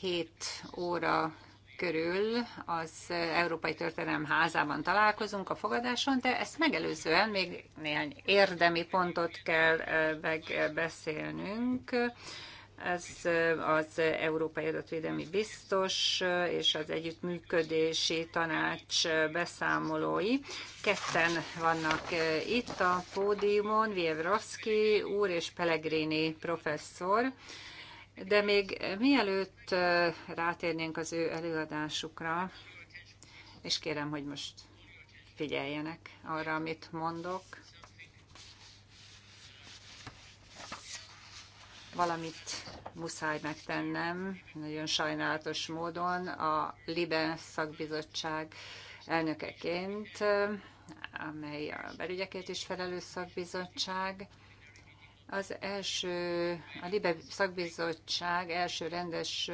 7 óra körül az Európai Történelem házában találkozunk a fogadáson, de ezt megelőzően még néhány érdemi pontot kell megbeszélnünk. Ez az Európai Adatvédelmi Biztos és az Együttműködési Tanács beszámolói. Ketten vannak itt a pódiumon, Vievrovszki úr és Pellegrini professzor. De még mielőtt rátérnénk az ő előadásukra, és kérem, hogy most figyeljenek arra, amit mondok. valamit muszáj megtennem, nagyon sajnálatos módon a LIBE szakbizottság elnökeként, amely a belügyekért is felelős szakbizottság. Az első, a LIBE szakbizottság első rendes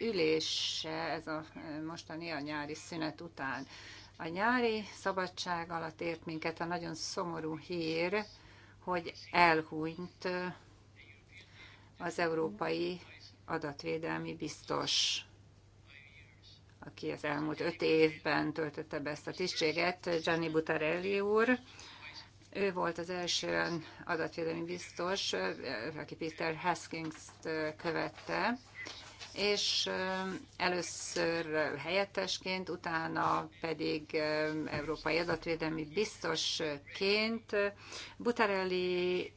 ülése, ez a mostani a nyári szünet után. A nyári szabadság alatt ért minket a nagyon szomorú hír, hogy elhunyt az európai adatvédelmi biztos, aki az elmúlt öt évben töltötte be ezt a tisztséget, Gianni Butarelli úr. Ő volt az első adatvédelmi biztos, aki Peter Haskins-t követte, és először helyettesként, utána pedig európai adatvédelmi biztosként Butarelli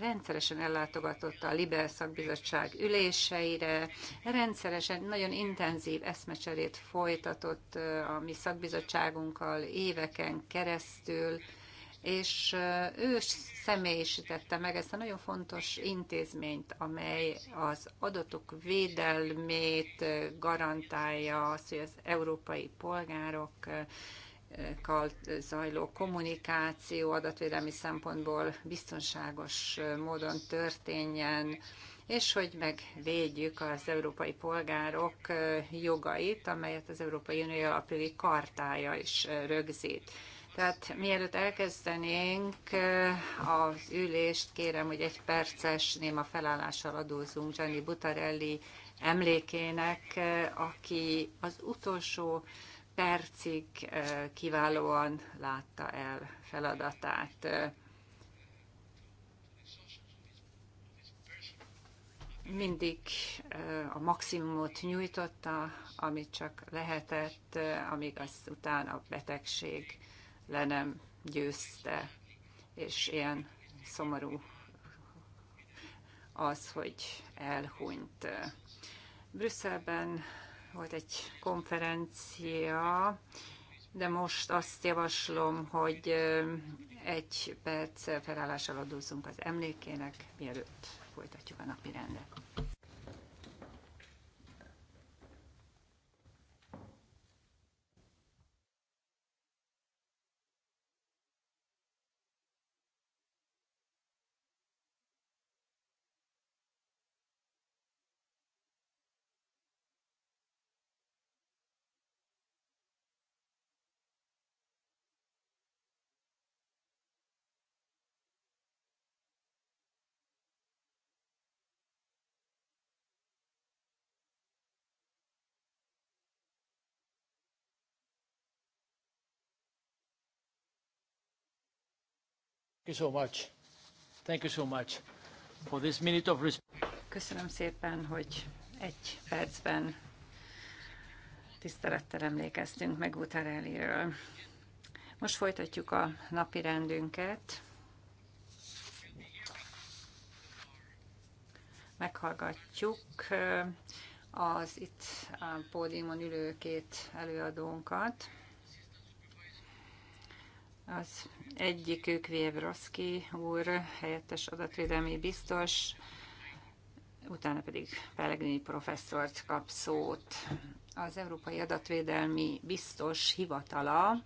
rendszeresen ellátogatott a Libel szakbizottság üléseire, rendszeresen nagyon intenzív eszmecserét folytatott a mi szakbizottságunkkal éveken keresztül, és ő személyisítette meg ezt a nagyon fontos intézményt, amely az adatok védelmét garantálja, az, hogy az európai polgárok kal zajló kommunikáció adatvédelmi szempontból biztonságos módon történjen, és hogy megvédjük az európai polgárok jogait, amelyet az Európai Unió alapjogi kartája is rögzít. Tehát mielőtt elkezdenénk az ülést, kérem, hogy egy perces néma felállással adózunk Gianni Butarelli emlékének, aki az utolsó percig kiválóan látta el feladatát. Mindig a maximumot nyújtotta, amit csak lehetett, amíg utána a betegség le nem győzte, és ilyen szomorú az, hogy elhunyt. Brüsszelben volt egy konferencia, de most azt javaslom, hogy egy perc felállással adózzunk az emlékének, mielőtt folytatjuk a napi rendet. Köszönöm szépen, hogy egy percben tisztelettel emlékeztünk meg Butarelliről. Most folytatjuk a napi rendünket. Meghallgatjuk az itt a pódiumon ülő két előadónkat. Az egyikük Vievroszki úr, helyettes adatvédelmi biztos, utána pedig Pellegrini professzort kap szót. Az Európai Adatvédelmi Biztos Hivatala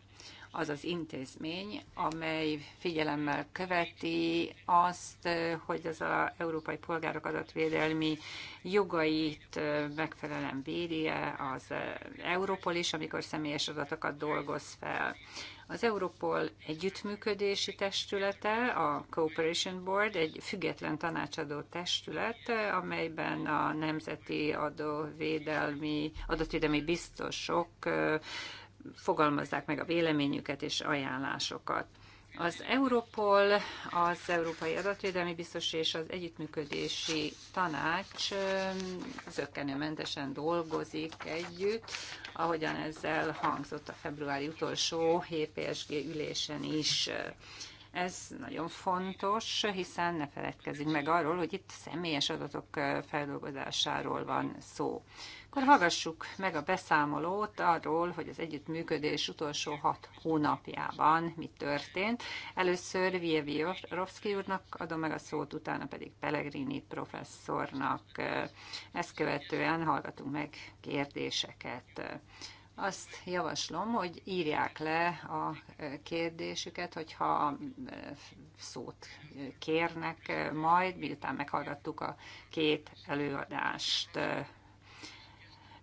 az az intézmény, amely figyelemmel követi azt, hogy az a európai polgárok adatvédelmi jogait megfelelően védi az Európol is, amikor személyes adatokat dolgoz fel. Az Europol együttműködési testülete, a Cooperation Board, egy független tanácsadó testület, amelyben a nemzeti adóvédelmi, adatvédelmi biztosok fogalmazzák meg a véleményüket és ajánlásokat. Az Europol, az Európai Adatvédelmi Biztos és az Együttműködési Tanács zöggenőmentesen dolgozik együtt ahogyan ezzel hangzott a februári utolsó HPSG ülésen is. Ez nagyon fontos, hiszen ne feledkezzünk meg arról, hogy itt személyes adatok feldolgozásáról van szó akkor hallgassuk meg a beszámolót arról, hogy az együttműködés utolsó hat hónapjában mi történt. Először Vievi Rovszki úrnak adom meg a szót, utána pedig Pellegrini professzornak. Ezt követően hallgatunk meg kérdéseket. Azt javaslom, hogy írják le a kérdésüket, hogyha szót kérnek majd, miután meghallgattuk a két előadást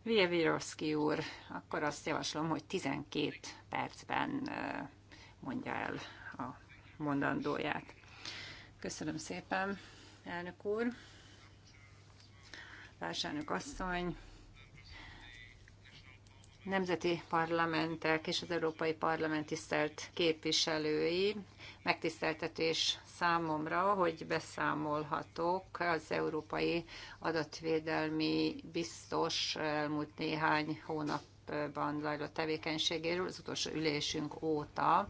Vievirovszki úr, akkor azt javaslom, hogy 12 percben mondja el a mondandóját. Köszönöm szépen, elnök úr, társelnök asszony, nemzeti parlamentek és az Európai Parlament tisztelt képviselői, megtiszteltetés számomra, hogy beszámolhatok az Európai Adatvédelmi Biztos elmúlt néhány hónapban zajló tevékenységéről az utolsó ülésünk óta.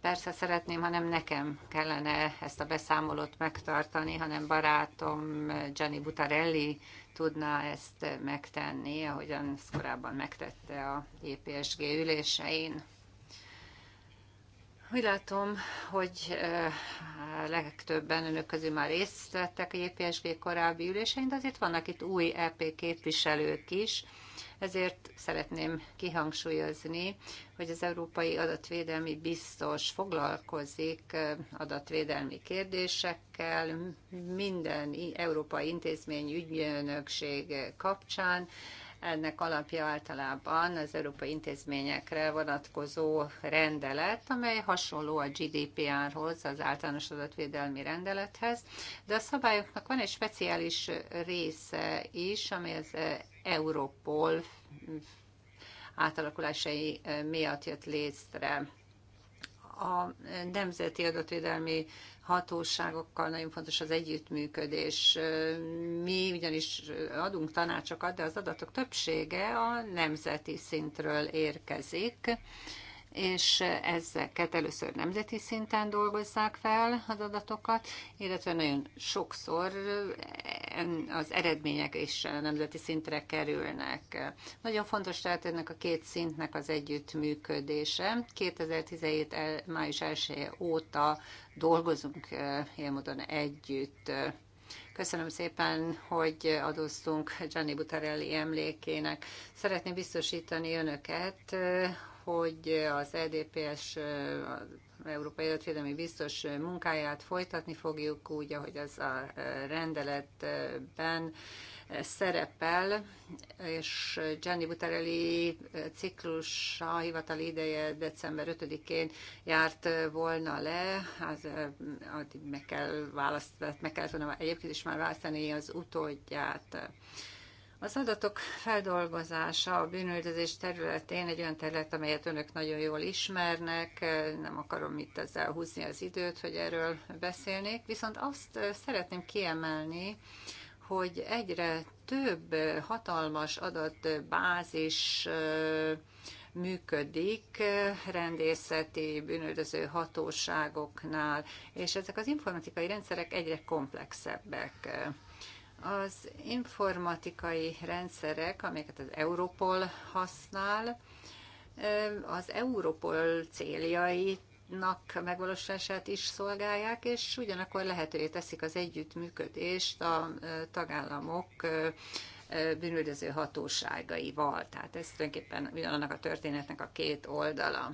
Persze szeretném, hanem nekem kellene ezt a beszámolót megtartani, hanem barátom Gianni Butarelli tudná ezt megtenni, ahogyan ezt korábban megtette a EPSG ülésein. Úgy látom, hogy eh, legtöbben önök közül már részt vettek a JPSG korábbi ülésein, de azért vannak itt új EP képviselők is, ezért szeretném kihangsúlyozni, hogy az Európai Adatvédelmi Biztos foglalkozik eh, adatvédelmi kérdésekkel minden európai intézmény ügynökség kapcsán, ennek alapja általában az európai intézményekre vonatkozó rendelet, amely hasonló a GDPR-hoz, az általános adatvédelmi rendelethez, de a szabályoknak van egy speciális része is, amely az Europol átalakulásai miatt jött létre a nemzeti adatvédelmi hatóságokkal nagyon fontos az együttműködés. Mi ugyanis adunk tanácsokat, de az adatok többsége a nemzeti szintről érkezik és ezeket először nemzeti szinten dolgozzák fel az adatokat, illetve nagyon sokszor az eredmények is nemzeti szintre kerülnek. Nagyon fontos tehát ennek a két szintnek az együttműködése. 2017. május 1 óta dolgozunk eh, ilyen módon együtt Köszönöm szépen, hogy adóztunk Gianni Butarelli emlékének. Szeretném biztosítani önöket, eh, hogy az EDPS, az Európai Életvédelmi Biztos munkáját folytatni fogjuk úgy, ahogy az a rendeletben szerepel, és Gianni Butarelli ciklusa hivatali ideje december 5-én járt volna le, az, addig meg kell választani, meg kellett volna egyébként is már választani az utódját. Az adatok feldolgozása a bűnöldözés területén egy olyan terület, amelyet önök nagyon jól ismernek, nem akarom itt ezzel húzni az időt, hogy erről beszélnék, viszont azt szeretném kiemelni, hogy egyre több hatalmas adatbázis működik rendészeti, bűnöldöző hatóságoknál, és ezek az informatikai rendszerek egyre komplexebbek az informatikai rendszerek, amelyeket az Europol használ, az Europol céljainak nak megvalósását is szolgálják, és ugyanakkor lehetővé teszik az együttműködést a tagállamok bűnöldöző hatóságaival. Tehát ez tulajdonképpen ugyanannak a történetnek a két oldala.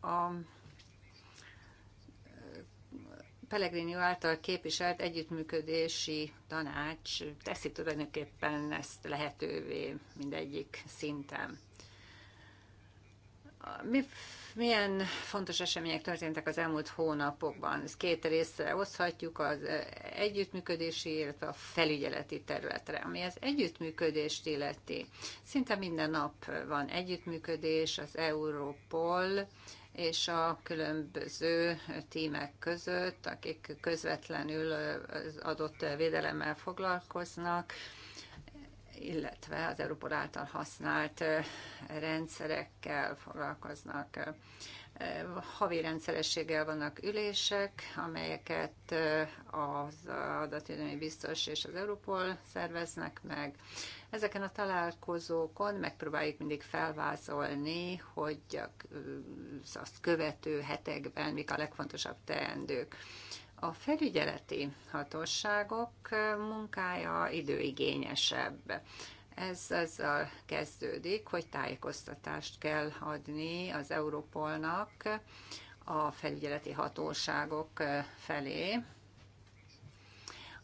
A Pellegrini által képviselt együttműködési tanács teszi tulajdonképpen ezt lehetővé mindegyik szinten. Mi, milyen fontos események történtek az elmúlt hónapokban? Ezt két részre oszhatjuk, az együttműködési, illetve a felügyeleti területre. Ami az együttműködést illeti, szinte minden nap van együttműködés, az Europol, és a különböző tímek között, akik közvetlenül az adott védelemmel foglalkoznak, illetve az Európa által használt rendszerekkel foglalkoznak. Havi rendszerességgel vannak ülések, amelyeket az adatvédelmi biztos és az Europol szerveznek meg. Ezeken a találkozókon megpróbáljuk mindig felvázolni, hogy azt követő hetekben mik a legfontosabb teendők. A felügyeleti hatóságok munkája időigényesebb. Ez azzal kezdődik, hogy tájékoztatást kell adni az Európolnak a felügyeleti hatóságok felé,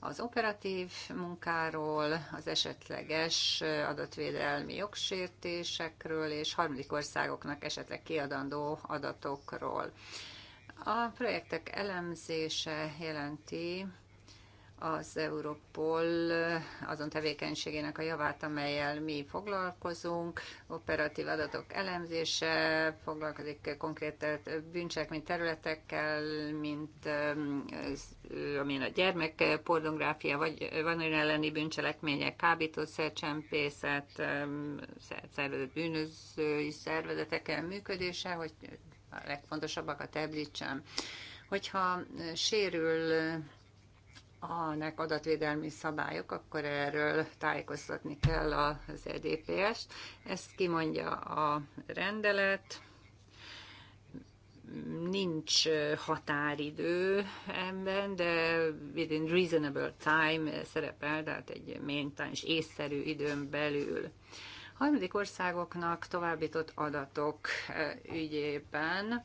az operatív munkáról, az esetleges adatvédelmi jogsértésekről és harmadik országoknak esetleg kiadandó adatokról. A projektek elemzése jelenti az Europol eh, azon tevékenységének a javát, amelyel mi foglalkozunk, operatív adatok elemzése, foglalkozik konkrét eh, bűncselekmény területekkel, mint eh, amilyen a gyermek pornográfia, vagy van olyan elleni bűncselekmények, kábítószer, csempészet, szervezet, bűnözői szervezetekkel működése, hogy a legfontosabbakat említsem. Hogyha sérül ha nek adatvédelmi szabályok, akkor erről tájékoztatni kell az EDPS-t. Ezt kimondja a rendelet, nincs határidő ebben, de within reasonable time szerepel, tehát egy és észszerű időn belül. Harmadik országoknak továbbított adatok e, ügyében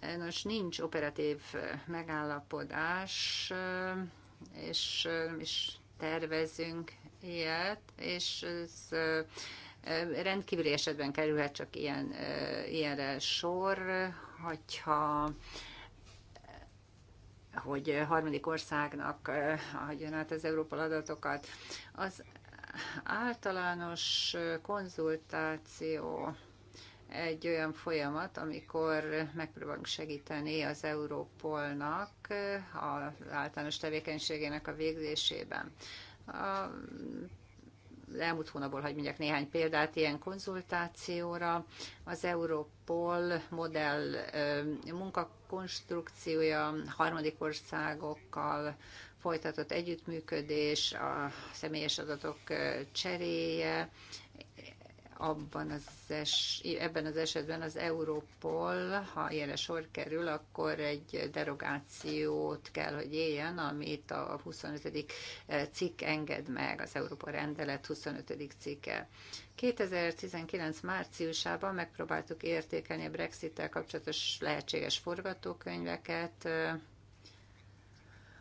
e, Nos, nincs operatív megállapodás e, és nem is tervezünk ilyet, és ez rendkívüli esetben kerülhet csak ilyen, ilyenre sor, hogyha hogy harmadik országnak adjon át az Európa adatokat. Az általános konzultáció egy olyan folyamat, amikor megpróbálunk segíteni az Európolnak az általános tevékenységének a végzésében. A elmúlt hónapból, hogy mondjak néhány példát, ilyen konzultációra az Európol modell munkakonstrukciója, harmadik országokkal folytatott együttműködés, a személyes adatok cseréje, abban az es, ebben az esetben az Európol, ha ilyenre sor kerül, akkor egy derogációt kell, hogy éljen, amit a 25. Eh, cikk enged meg, az Európa rendelet 25. cikke. 2019 márciusában megpróbáltuk értékelni a Brexit-tel kapcsolatos lehetséges forgatókönyveket, eh,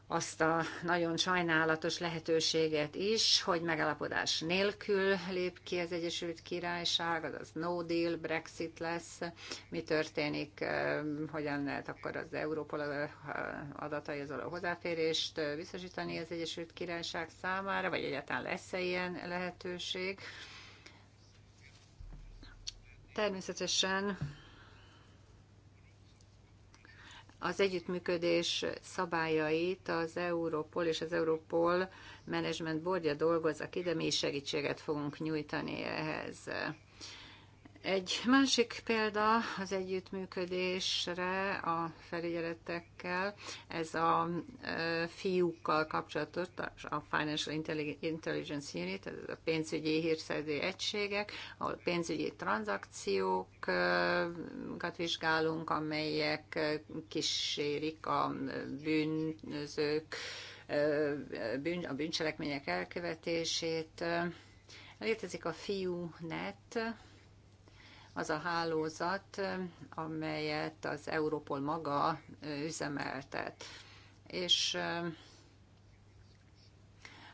azt a nagyon sajnálatos lehetőséget is, hogy megalapodás nélkül lép ki az Egyesült Királyság, azaz no deal, Brexit lesz, mi történik, hogyan lehet akkor az Európol az a hozzáférést biztosítani az Egyesült Királyság számára, vagy egyáltalán lesz-e ilyen lehetőség. Természetesen az együttműködés szabályait az Európol és az Európol Management Boardja dolgozza ki, de mi is segítséget fogunk nyújtani ehhez. Egy másik példa az együttműködésre a felügyeletekkel, ez a fiúkkal kapcsolatos, a Financial Intelligence Unit, ez a pénzügyi hírszerző egységek, ahol pénzügyi tranzakciókat vizsgálunk, amelyek kísérik a bűnözők, a bűncselekmények elkövetését. Létezik a fiú net, az a hálózat, amelyet az Európol maga üzemeltet. És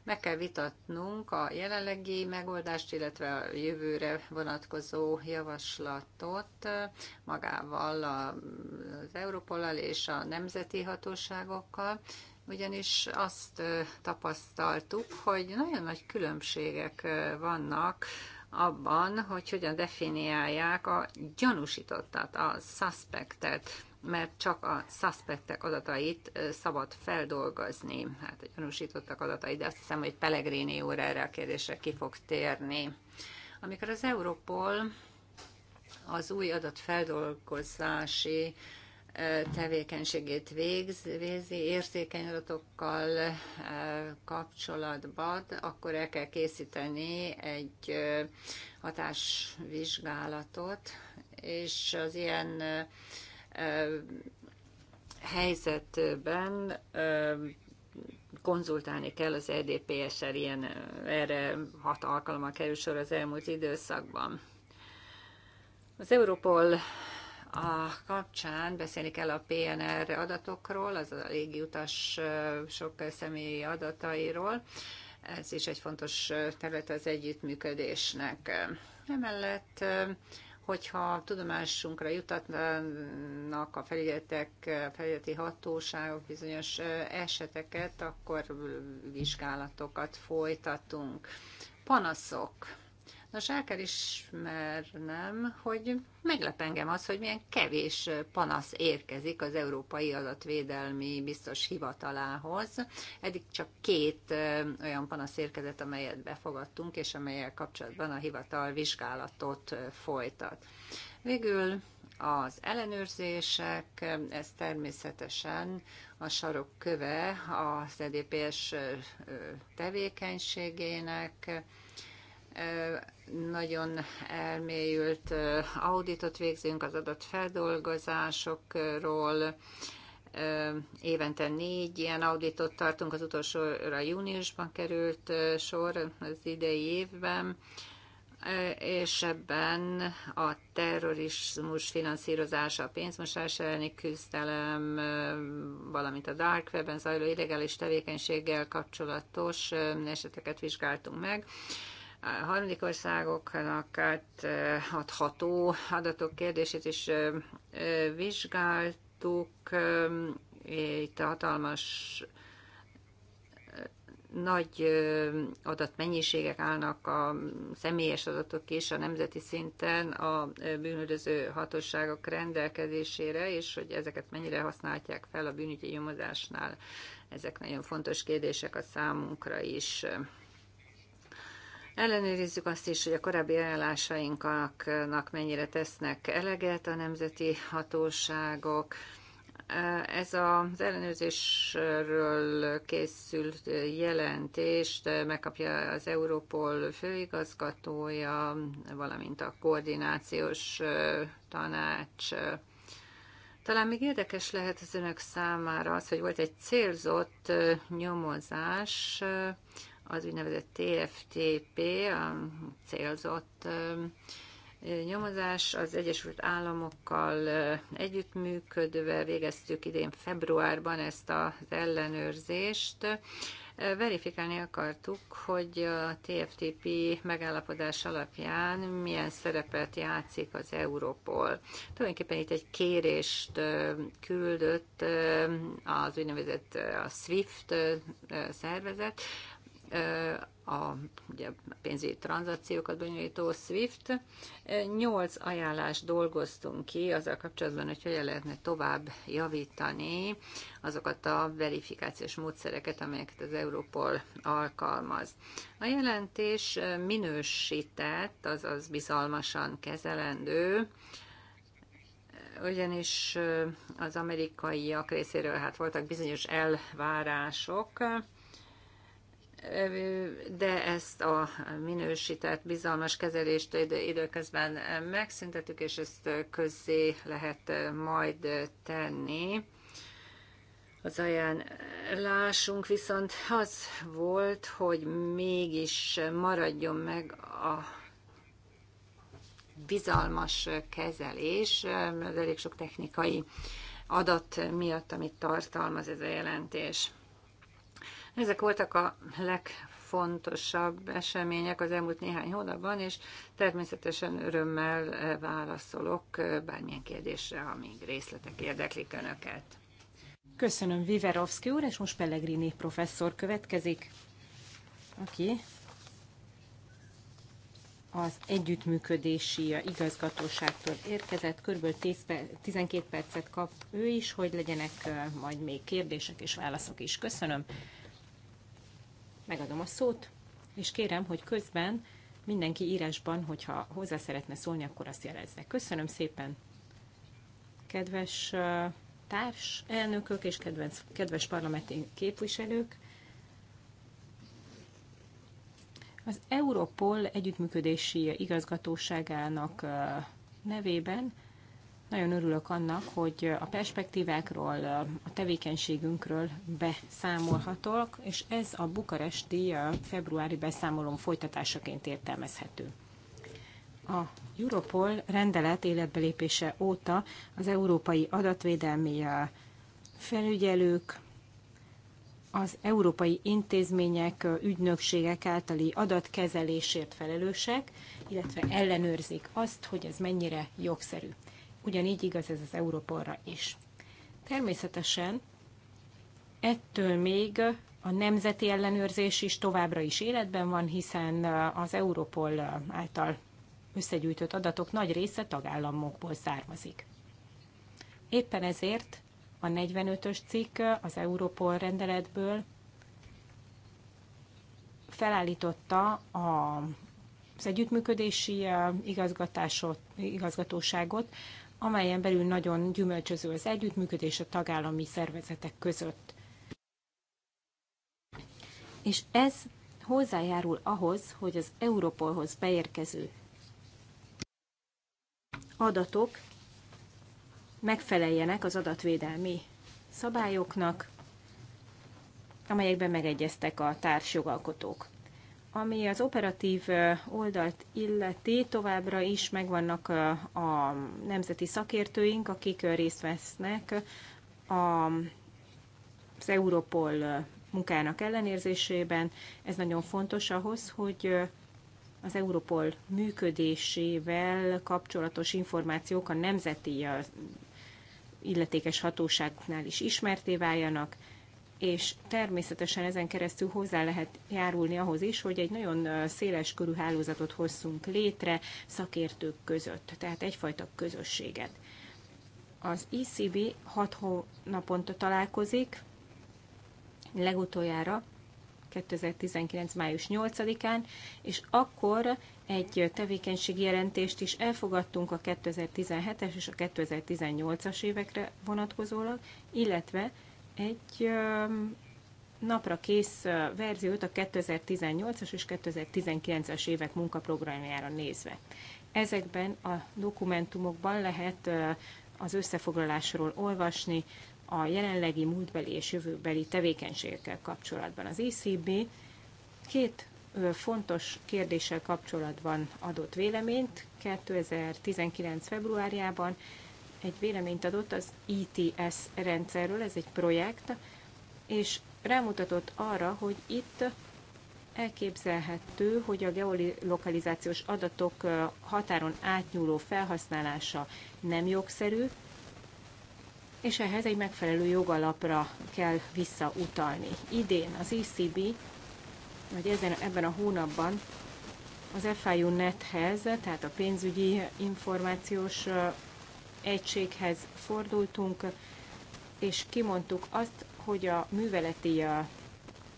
meg kell vitatnunk a jelenlegi megoldást, illetve a jövőre vonatkozó javaslatot magával az Európollal és a nemzeti hatóságokkal, ugyanis azt tapasztaltuk, hogy nagyon nagy különbségek vannak abban, hogy hogyan definiálják a gyanúsítottat, a suspektet, mert csak a suspektek adatait szabad feldolgozni, hát a gyanúsítottak adatait, de azt hiszem, hogy Pellegrini úr erre a kérdésre ki fog térni. Amikor az Europol az új adatfeldolgozási tevékenységét végz, végzi érzékeny adatokkal kapcsolatban, akkor el kell készíteni egy hatásvizsgálatot, és az ilyen helyzetben konzultálni kell az EDPS-el, ilyen, erre hat alkalommal kerül sor az elmúlt időszakban. Az Európol a kapcsán beszélni kell a PNR adatokról, az a utas sok személyi adatairól. Ez is egy fontos terület az együttműködésnek. Emellett hogyha tudomásunkra jutatnak a felügyeletek, a felügyeleti hatóságok bizonyos eseteket, akkor vizsgálatokat folytatunk. Panaszok. Nos, el kell ismernem, hogy meglep engem az, hogy milyen kevés panasz érkezik az Európai Adatvédelmi Biztos Hivatalához. Eddig csak két olyan panasz érkezett, amelyet befogadtunk, és amelyel kapcsolatban a hivatal vizsgálatot folytat. Végül az ellenőrzések, ez természetesen a sarok köve, az EDPS tevékenységének, nagyon elmélyült auditot végzünk az feldolgozásokról. évente négy ilyen auditot tartunk, az utolsóra júniusban került sor az idei évben, és ebben a terrorizmus finanszírozása, a pénzmosás elleni küzdelem, valamint a dark webben zajló illegális tevékenységgel kapcsolatos eseteket vizsgáltunk meg a harmadik országoknak hát, adható adatok kérdését is vizsgáltuk. Itt a hatalmas nagy adatmennyiségek állnak a személyes adatok is a nemzeti szinten a bűnöldöző hatóságok rendelkezésére, és hogy ezeket mennyire használják fel a bűnügyi nyomozásnál. Ezek nagyon fontos kérdések a számunkra is. Ellenőrizzük azt is, hogy a korábbi ajánlásainknak mennyire tesznek eleget a nemzeti hatóságok. Ez az ellenőrzésről készült jelentést megkapja az Európol főigazgatója, valamint a koordinációs tanács. Talán még érdekes lehet az önök számára az, hogy volt egy célzott nyomozás, az úgynevezett TFTP, a célzott nyomozás az Egyesült Államokkal együttműködve végeztük idén februárban ezt az ellenőrzést. Verifikálni akartuk, hogy a TFTP megállapodás alapján milyen szerepet játszik az Európol. Tulajdonképpen itt egy kérést küldött az úgynevezett a SWIFT szervezet, a, ugye, pénzügyi tranzakciókat bonyolító SWIFT. Nyolc ajánlást dolgoztunk ki azzal kapcsolatban, hogy hogyan lehetne tovább javítani azokat a verifikációs módszereket, amelyeket az Európol alkalmaz. A jelentés minősített, azaz bizalmasan kezelendő, ugyanis az amerikaiak részéről hát voltak bizonyos elvárások, de ezt a minősített bizalmas kezelést időközben megszüntetük, és ezt közzé lehet majd tenni. Az ajánlásunk viszont az volt, hogy mégis maradjon meg a bizalmas kezelés, mert elég sok technikai adat miatt, amit tartalmaz ez a jelentés. Ezek voltak a legfontosabb események az elmúlt néhány hónapban, és természetesen örömmel válaszolok bármilyen kérdésre, amíg részletek érdeklik Önöket.
Köszönöm Viverovszki úr, és most Pellegrini professzor következik, aki az együttműködési igazgatóságtól érkezett. Körülbelül 10 perc, 12 percet kap ő is, hogy legyenek majd még kérdések és válaszok is. Köszönöm megadom a szót, és kérem, hogy közben mindenki írásban, hogyha hozzá szeretne szólni, akkor azt jelezze. Köszönöm szépen, kedves társ elnökök és kedvenc, kedves parlamenti képviselők. Az Europol együttműködési igazgatóságának nevében nagyon örülök annak, hogy a perspektívákról, a tevékenységünkről beszámolhatok, és ez a bukaresti februári beszámolón folytatásaként értelmezhető. A Europol rendelet életbelépése óta az európai adatvédelmi felügyelők, az európai intézmények, ügynökségek általi adatkezelésért felelősek, illetve ellenőrzik azt, hogy ez mennyire jogszerű ugyanígy igaz ez az Európorra is. Természetesen ettől még a nemzeti ellenőrzés is továbbra is életben van, hiszen az Európol által összegyűjtött adatok nagy része tagállamokból származik. Éppen ezért a 45-ös cikk az Európol rendeletből felállította a, az együttműködési igazgatásot, igazgatóságot, amelyen belül nagyon gyümölcsöző az együttműködés a tagállami szervezetek között. És ez hozzájárul ahhoz, hogy az Europolhoz beérkező adatok megfeleljenek az adatvédelmi szabályoknak, amelyekben megegyeztek a társjogalkotók. Ami az operatív oldalt illeti, továbbra is megvannak a nemzeti szakértőink, akik részt vesznek az Europol munkának ellenérzésében. Ez nagyon fontos ahhoz, hogy az Europol működésével kapcsolatos információk a nemzeti illetékes hatóságnál is ismerté váljanak, és természetesen ezen keresztül hozzá lehet járulni ahhoz is, hogy egy nagyon széles körű hálózatot hozzunk létre szakértők között, tehát egyfajta közösséget. Az ECB hat hónaponta találkozik, legutoljára 2019. május 8-án, és akkor egy tevékenységi jelentést is elfogadtunk a 2017-es és a 2018-as évekre vonatkozólag, illetve egy napra kész verziót a 2018-as és 2019-es évek munkaprogramjára nézve. Ezekben a dokumentumokban lehet az összefoglalásról olvasni a jelenlegi múltbeli és jövőbeli tevékenységekkel kapcsolatban. Az ECB két fontos kérdéssel kapcsolatban adott véleményt 2019. februárjában, egy véleményt adott az ETS rendszerről, ez egy projekt, és rámutatott arra, hogy itt elképzelhető, hogy a geolokalizációs adatok határon átnyúló felhasználása nem jogszerű, és ehhez egy megfelelő jogalapra kell visszautalni. Idén az ECB, vagy ezen, ebben a hónapban az FIU nethez, tehát a pénzügyi információs egységhez fordultunk, és kimondtuk azt, hogy a műveleti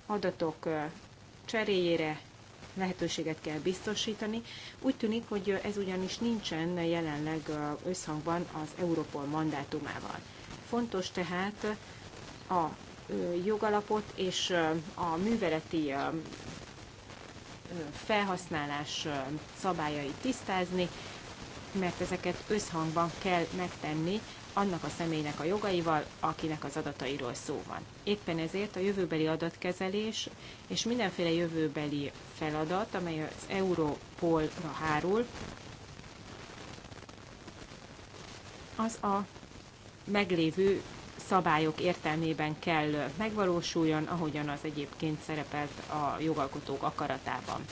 adatok cseréjére lehetőséget kell biztosítani. Úgy tűnik, hogy ez ugyanis nincsen jelenleg összhangban az Europol mandátumával. Fontos tehát a jogalapot és a műveleti felhasználás szabályait tisztázni, mert ezeket összhangban kell megtenni annak a személynek a jogaival, akinek az adatairól szó van. Éppen ezért a jövőbeli adatkezelés és mindenféle jövőbeli feladat, amely az Europolra hárul, az a meglévő szabályok értelmében kell megvalósuljon, ahogyan az egyébként szerepelt a jogalkotók akaratában.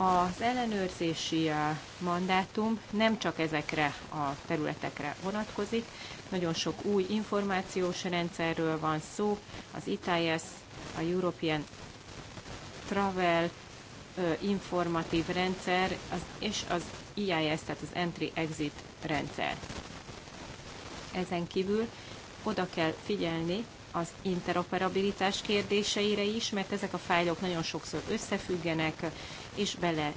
Az ellenőrzési uh, mandátum nem csak ezekre a területekre vonatkozik, nagyon sok új információs rendszerről van szó, az ITIS, a European Travel informatív rendszer, az, és az EIS, tehát az Entry-Exit rendszer. Ezen kívül oda kell figyelni az interoperabilitás kérdéseire is, mert ezek a fájlok nagyon sokszor összefüggenek, és bele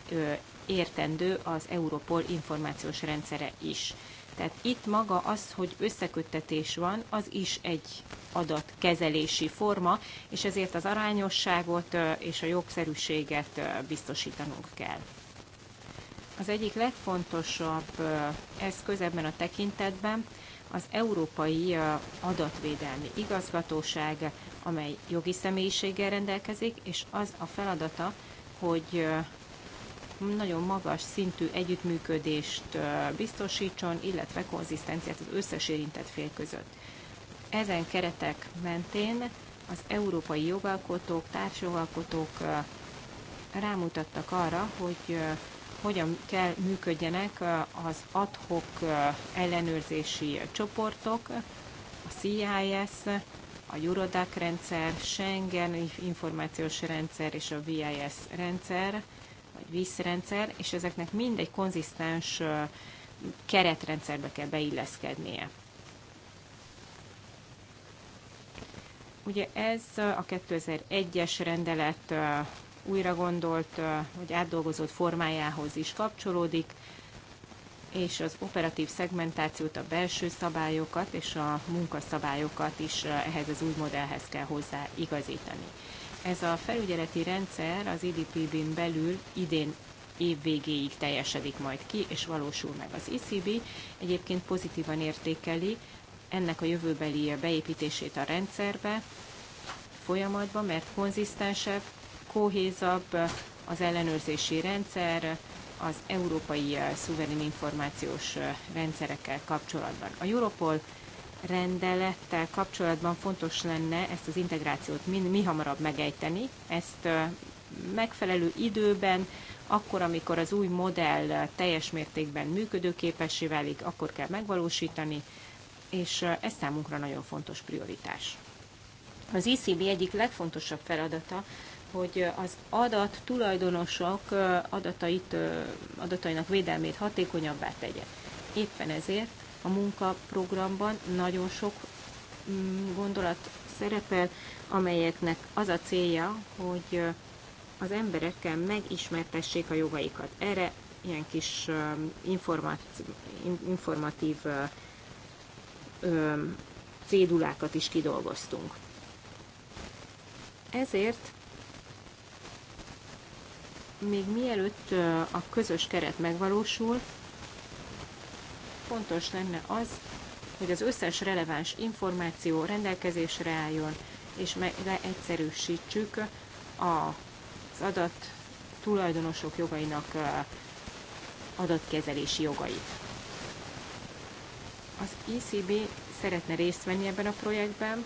értendő az Europol információs rendszere is. Tehát itt maga az, hogy összeköttetés van, az is egy adatkezelési forma, és ezért az arányosságot és a jogszerűséget biztosítanunk kell. Az egyik legfontosabb eszköz ebben a tekintetben az Európai Adatvédelmi Igazgatóság, amely jogi személyiséggel rendelkezik, és az a feladata, hogy nagyon magas szintű együttműködést biztosítson, illetve konzisztenciát az összes érintett fél között. Ezen keretek mentén az európai jogalkotók, társjogalkotók rámutattak arra, hogy hogyan kell működjenek az adhok ellenőrzési csoportok, a CIS, a Eurodac rendszer, Schengen információs rendszer és a VIS rendszer, vagy VIS rendszer, és ezeknek mind egy konzisztens keretrendszerbe kell beilleszkednie. Ugye ez a 2001-es rendelet újra gondolt, vagy átdolgozott formájához is kapcsolódik, és az operatív szegmentációt, a belső szabályokat és a munkaszabályokat is eh, ehhez az új modellhez kell hozzá igazítani. Ez a felügyeleti rendszer az idpb n belül idén év végéig teljesedik majd ki, és valósul meg az ECB. Egyébként pozitívan értékeli ennek a jövőbeli beépítését a rendszerbe folyamatban, mert konzisztensebb, kohézabb az ellenőrzési rendszer, az európai eh, szuverén információs eh, rendszerekkel kapcsolatban. A Europol rendelettel kapcsolatban fontos lenne ezt az integrációt mi, mi hamarabb megejteni, ezt eh, megfelelő időben, akkor, amikor az új modell teljes mértékben működőképessé válik, akkor kell megvalósítani, és ez számunkra nagyon fontos prioritás. Az ECB egyik legfontosabb feladata hogy az adat tulajdonosok adatait, adatainak védelmét hatékonyabbá tegye. Éppen ezért a munkaprogramban nagyon sok mm, gondolat szerepel, amelyeknek az a célja, hogy az emberekkel megismertessék a jogaikat. Erre ilyen kis informatív cédulákat is kidolgoztunk. Ezért még mielőtt a közös keret megvalósul, fontos lenne az, hogy az összes releváns információ rendelkezésre álljon, és leegyszerűsítsük az adat tulajdonosok jogainak adatkezelési jogait. Az ECB szeretne részt venni ebben a projektben,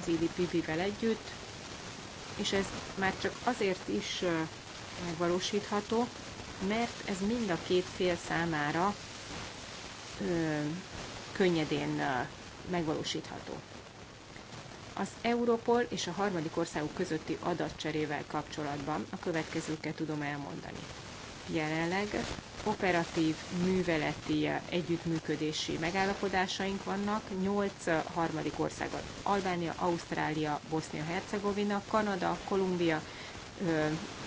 az edpb vel együtt, és ez már csak azért is megvalósítható, mert ez mind a két fél számára ö, könnyedén ö, megvalósítható. Az Európol és a harmadik országok közötti adatcserével kapcsolatban a következőket tudom elmondani. Jelenleg operatív, műveleti együttműködési megállapodásaink vannak, 8 harmadik országgal, Albánia, Ausztrália, Bosznia-Hercegovina, Kanada, Kolumbia,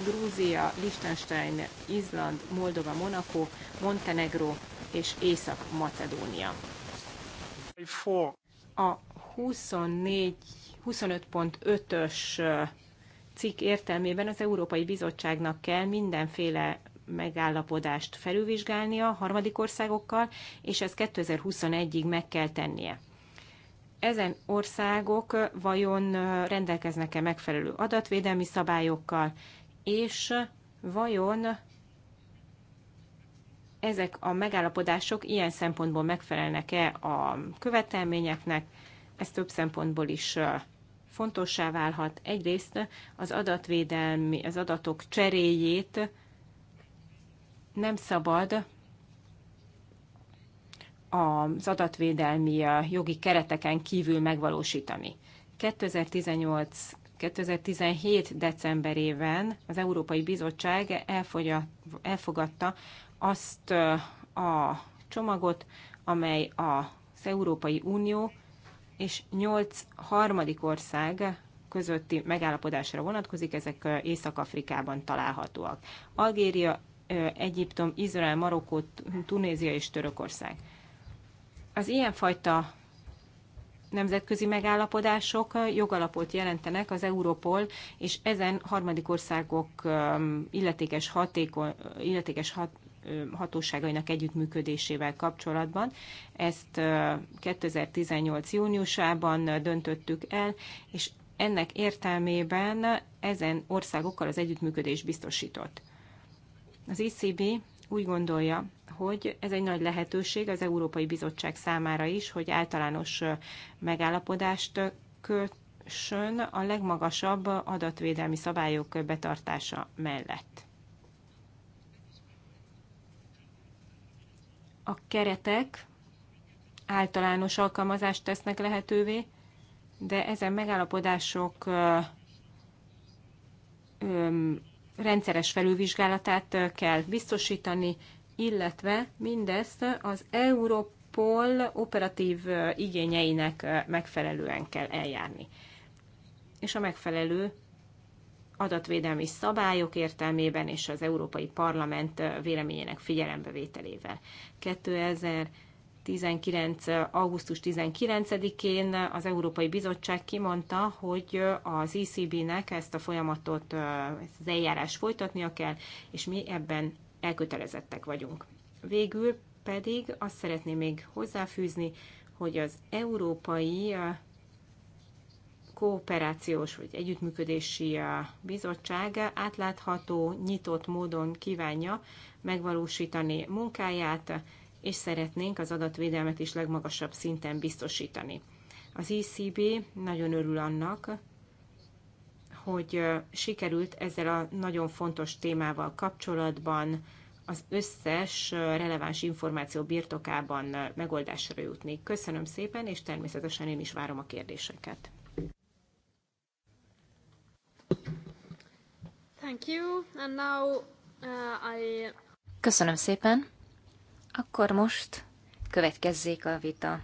Grúzia, Liechtenstein, Izland, Moldova, Monaco, Montenegro és Észak-Macedónia. A 24, 25.5-ös cikk értelmében az Európai Bizottságnak kell mindenféle megállapodást felülvizsgálnia harmadik országokkal, és ezt 2021-ig meg kell tennie ezen országok vajon rendelkeznek-e megfelelő adatvédelmi szabályokkal, és vajon ezek a megállapodások ilyen szempontból megfelelnek-e a követelményeknek, ez több szempontból is fontossá válhat. Egyrészt az adatvédelmi, az adatok cseréjét nem szabad az adatvédelmi jogi kereteken kívül megvalósítani. 2018 2017. decemberében az Európai Bizottság elfogadta azt a csomagot, amely az Európai Unió és nyolc harmadik ország közötti megállapodásra vonatkozik, ezek Észak-Afrikában találhatóak. Algéria, Egyiptom, Izrael, Marokkó, Tunézia és Törökország. Az ilyenfajta nemzetközi megállapodások jogalapot jelentenek az Európol és ezen harmadik országok illetékes, hatékony, illetékes hat, hatóságainak együttműködésével kapcsolatban. Ezt 2018. júniusában döntöttük el, és ennek értelmében ezen országokkal az együttműködés biztosított. Az ECB úgy gondolja, hogy ez egy nagy lehetőség az Európai Bizottság számára is, hogy általános megállapodást kössön a legmagasabb adatvédelmi szabályok betartása mellett. A keretek általános alkalmazást tesznek lehetővé, de ezen megállapodások rendszeres felülvizsgálatát kell biztosítani, illetve mindezt az Europol operatív igényeinek megfelelően kell eljárni. És a megfelelő adatvédelmi szabályok értelmében és az Európai Parlament véleményének figyelembevételével. 2000 19, augusztus 19-én az Európai Bizottság kimondta, hogy az ECB-nek ezt a folyamatot, ezt az eljárás folytatnia kell, és mi ebben elkötelezettek vagyunk. Végül pedig azt szeretném még hozzáfűzni, hogy az Európai Kooperációs vagy Együttműködési Bizottság átlátható, nyitott módon kívánja megvalósítani munkáját, és szeretnénk az adatvédelmet is legmagasabb szinten biztosítani. Az ECB nagyon örül annak, hogy sikerült ezzel a nagyon fontos témával kapcsolatban az összes releváns információ birtokában megoldásra jutni. Köszönöm szépen, és természetesen én is várom a kérdéseket. Thank you,
and now uh, I... Köszönöm szépen. Akkor most következzék a vita.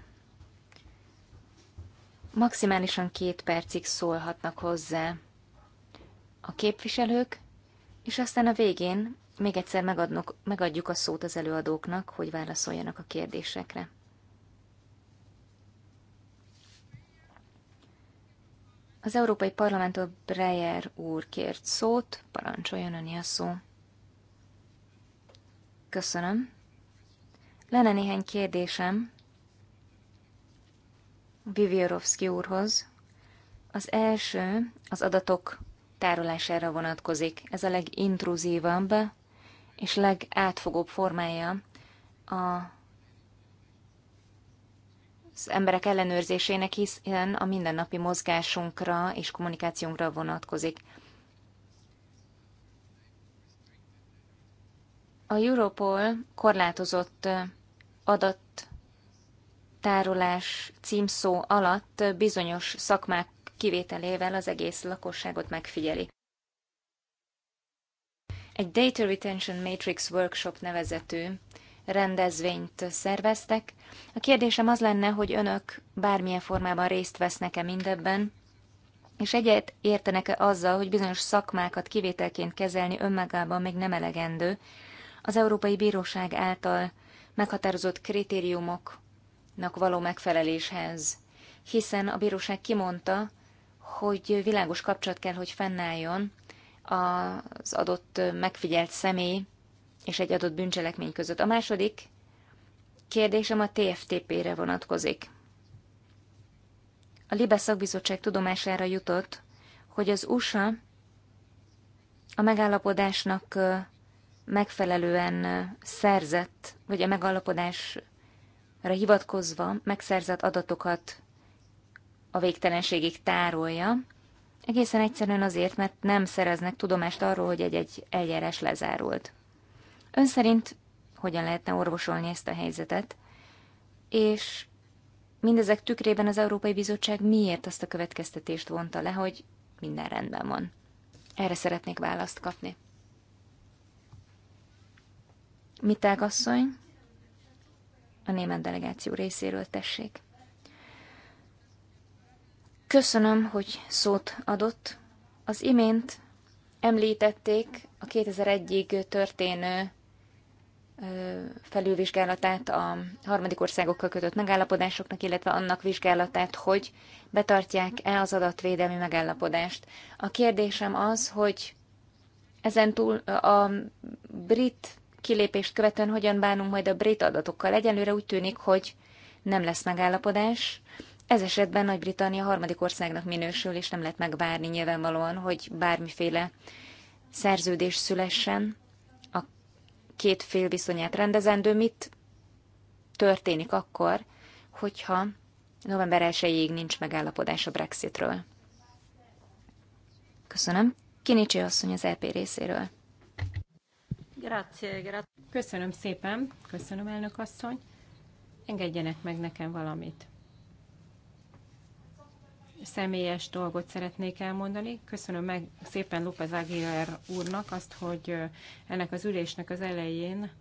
Maximálisan két percig szólhatnak hozzá a képviselők, és aztán a végén még egyszer megadnok, megadjuk a szót az előadóknak, hogy válaszoljanak a kérdésekre. Az Európai Parlamentől Breyer úr kért szót, parancsoljon a szó. Köszönöm. Lenne néhány kérdésem Viviorovszki úrhoz. Az első az adatok tárolására vonatkozik. Ez a legintruzívabb és legátfogóbb formája a az emberek ellenőrzésének, hiszen a mindennapi mozgásunkra és kommunikációnkra vonatkozik. A Europol korlátozott adattárolás címszó alatt bizonyos szakmák kivételével az egész lakosságot megfigyeli. Egy Data Retention Matrix Workshop nevezetű rendezvényt szerveztek. A kérdésem az lenne, hogy önök bármilyen formában részt vesznek-e mindebben, és egyet értenek-e azzal, hogy bizonyos szakmákat kivételként kezelni önmagában még nem elegendő, az Európai Bíróság által meghatározott kritériumoknak való megfeleléshez, hiszen a bíróság kimondta, hogy világos kapcsolat kell, hogy fennálljon az adott megfigyelt személy és egy adott bűncselekmény között. A második kérdésem a TFTP-re vonatkozik. A Libe szakbizottság tudomására jutott, hogy az USA a megállapodásnak megfelelően szerzett, vagy a megalapodásra hivatkozva megszerzett adatokat a végtelenségig tárolja, egészen egyszerűen azért, mert nem szereznek tudomást arról, hogy egy-egy eljárás lezárult. Ön szerint hogyan lehetne orvosolni ezt a helyzetet, és mindezek tükrében az Európai Bizottság miért azt a következtetést vonta le, hogy minden rendben van. Erre szeretnék választ kapni. Miták asszony, a német delegáció részéről tessék. Köszönöm, hogy szót adott. Az imént említették a 2001-ig történő felülvizsgálatát a harmadik országokkal kötött megállapodásoknak, illetve annak vizsgálatát, hogy betartják-e az adatvédelmi megállapodást. A kérdésem az, hogy ezen túl a brit kilépést követően hogyan bánunk majd a brit adatokkal. Egyelőre úgy tűnik, hogy nem lesz megállapodás. Ez esetben Nagy-Britannia harmadik országnak minősül, és nem lehet megvárni nyilvánvalóan, hogy bármiféle szerződés szülessen a két fél viszonyát rendezendő. Mit történik akkor, hogyha november 1 nincs megállapodás a Brexitről? Köszönöm. Kinicsi asszony az EP részéről.
Grazie, grazie. Köszönöm szépen, köszönöm elnök asszony. Engedjenek meg nekem valamit. Személyes dolgot szeretnék elmondani. Köszönöm meg szépen López Aguilar úrnak azt, hogy ennek az ülésnek az elején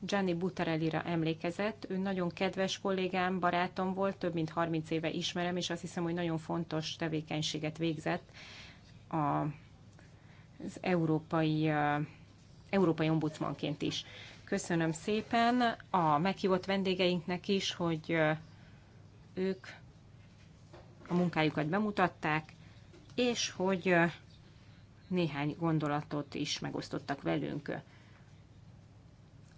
Gianni Butarellira emlékezett. Ő nagyon kedves kollégám, barátom volt, több mint 30 éve ismerem, és azt hiszem, hogy nagyon fontos tevékenységet végzett az európai európai ombudsmanként is. Köszönöm szépen a meghívott vendégeinknek is, hogy ők a munkájukat bemutatták, és hogy néhány gondolatot is megosztottak velünk.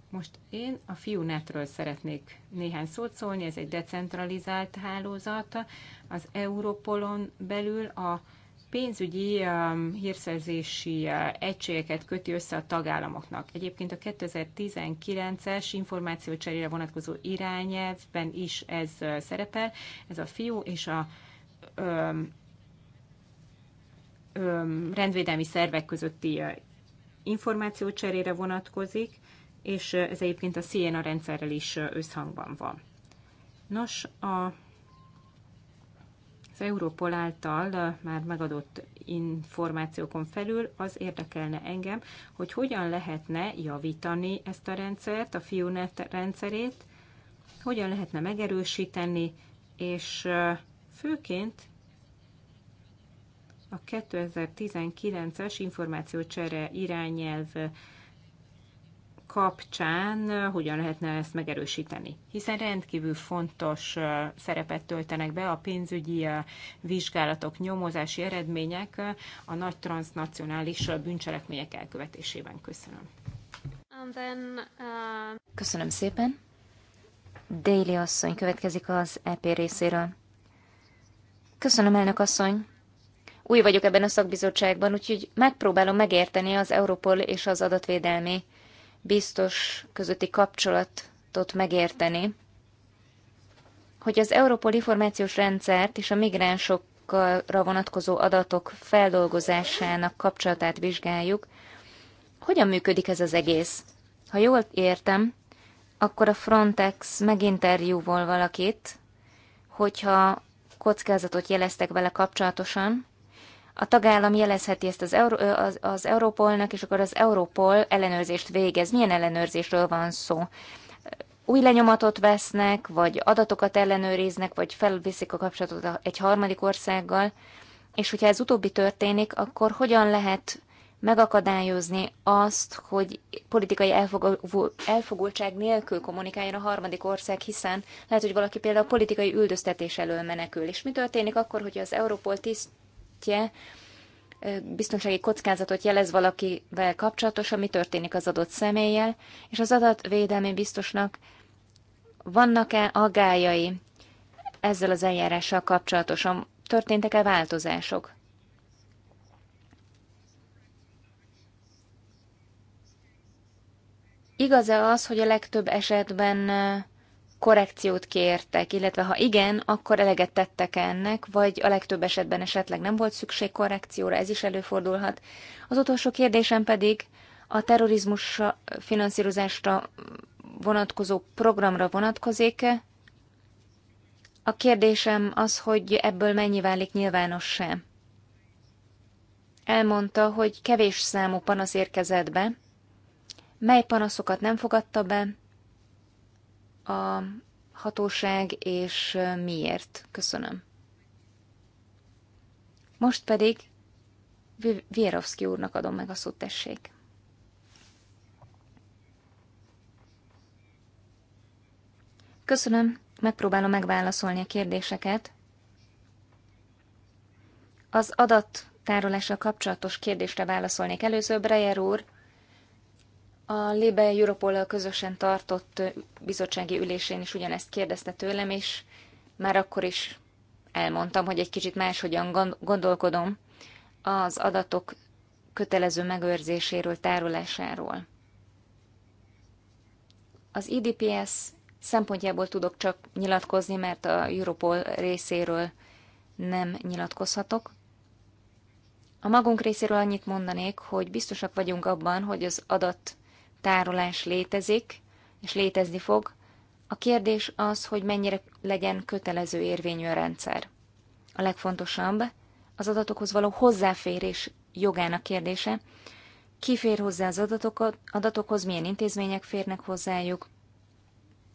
Most én a Fiunetről szeretnék néhány szót szólni, ez egy decentralizált hálózat. Az Europolon belül a pénzügyi um, hírszerzési uh, egységeket köti össze a tagállamoknak. Egyébként a 2019-es információcserére vonatkozó irányelvben is ez uh, szerepel, ez a fiú és a um, um, rendvédelmi szervek közötti uh, információcserére vonatkozik, és ez egyébként a Siena rendszerrel is összhangban van. Nos, a Európol által már megadott információkon felül az érdekelne engem, hogy hogyan lehetne javítani ezt a rendszert, a FIUNET rendszerét, hogyan lehetne megerősíteni, és főként a 2019-es információcsere irányelv kapcsán hogyan lehetne ezt megerősíteni. Hiszen rendkívül fontos szerepet töltenek be a pénzügyi vizsgálatok, nyomozási eredmények a nagy transnacionális bűncselekmények elkövetésében. Köszönöm.
Then, uh... Köszönöm szépen. Déli asszony következik az EP részéről. Köszönöm, elnök asszony. Új vagyok ebben a szakbizottságban, úgyhogy megpróbálom megérteni az Europol és az adatvédelmi biztos közötti kapcsolatot megérteni, hogy az Európol információs rendszert és a migránsokra vonatkozó adatok feldolgozásának kapcsolatát vizsgáljuk, hogyan működik ez az egész? Ha jól értem, akkor a Frontex meginterjúvol valakit, hogyha kockázatot jeleztek vele kapcsolatosan, a tagállam jelezheti ezt az, Euró- az, az Európolnak, és akkor az Európol ellenőrzést végez. Milyen ellenőrzésről van szó? Új lenyomatot vesznek, vagy adatokat ellenőriznek, vagy felviszik a kapcsolatot egy harmadik országgal, és hogyha ez utóbbi történik, akkor hogyan lehet megakadályozni azt, hogy politikai elfogultság nélkül kommunikáljon a harmadik ország, hiszen lehet, hogy valaki például a politikai üldöztetés elől menekül. És mi történik akkor, hogyha az Európol tiszt, szintje biztonsági kockázatot jelez valakivel kapcsolatosan, mi történik az adott személlyel, és az adatvédelmi biztosnak vannak-e agályai ezzel az eljárással kapcsolatosan? Történtek-e változások? Igaz-e az, hogy a legtöbb esetben korrekciót kértek, illetve ha igen, akkor eleget tettek -e ennek, vagy a legtöbb esetben esetleg nem volt szükség korrekcióra, ez is előfordulhat. Az utolsó kérdésem pedig a terrorizmus finanszírozásra vonatkozó programra vonatkozik. A kérdésem az, hogy ebből mennyi válik se. Elmondta, hogy kevés számú panasz érkezett be, mely panaszokat nem fogadta be, a hatóság, és miért. Köszönöm. Most pedig Vierovszki úrnak adom meg a szót, tessék. Köszönöm, megpróbálom megválaszolni a kérdéseket. Az adattárolással kapcsolatos kérdésre válaszolnék először, Breyer úr, a Libe europol közösen tartott bizottsági ülésén is ugyanezt kérdezte tőlem, és már akkor is elmondtam, hogy egy kicsit máshogyan gondolkodom az adatok kötelező megőrzéséről, tárolásáról. Az IDPS szempontjából tudok csak nyilatkozni, mert a Europol részéről nem nyilatkozhatok. A magunk részéről annyit mondanék, hogy biztosak vagyunk abban, hogy az adat tárolás létezik, és létezni fog. A kérdés az, hogy mennyire legyen kötelező érvényű a rendszer. A legfontosabb az adatokhoz való hozzáférés jogának kérdése. Ki fér hozzá az adatokat, adatokhoz, milyen intézmények férnek hozzájuk,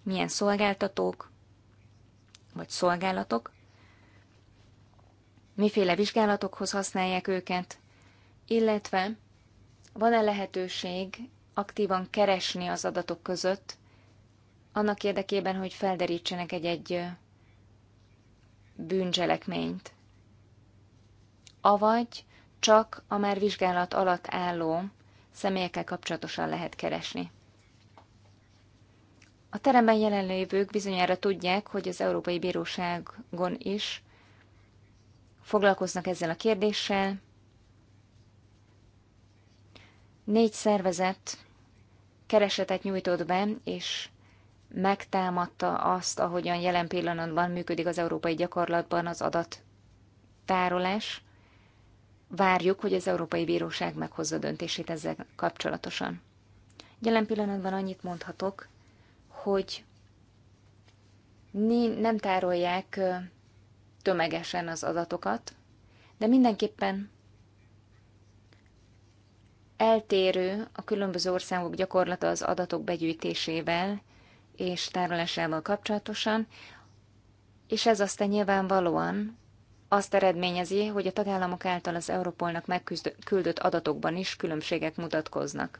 milyen szolgáltatók vagy szolgálatok, miféle vizsgálatokhoz használják őket, illetve van-e lehetőség aktívan keresni az adatok között, annak érdekében, hogy felderítsenek egy-egy bűncselekményt. Avagy csak a már vizsgálat alatt álló személyekkel kapcsolatosan lehet keresni. A teremben jelenlévők bizonyára tudják, hogy az Európai Bíróságon is foglalkoznak ezzel a kérdéssel. Négy szervezet keresetet nyújtott be, és megtámadta azt, ahogyan jelen pillanatban működik az európai gyakorlatban az adattárolás. Várjuk, hogy az Európai Bíróság meghozza döntését ezzel kapcsolatosan. Jelen pillanatban annyit mondhatok, hogy nem tárolják tömegesen az adatokat, de mindenképpen eltérő a különböző országok gyakorlata az adatok begyűjtésével és tárolásával kapcsolatosan, és ez aztán nyilvánvalóan azt eredményezi, hogy a tagállamok által az Európolnak megküldött adatokban is különbségek mutatkoznak.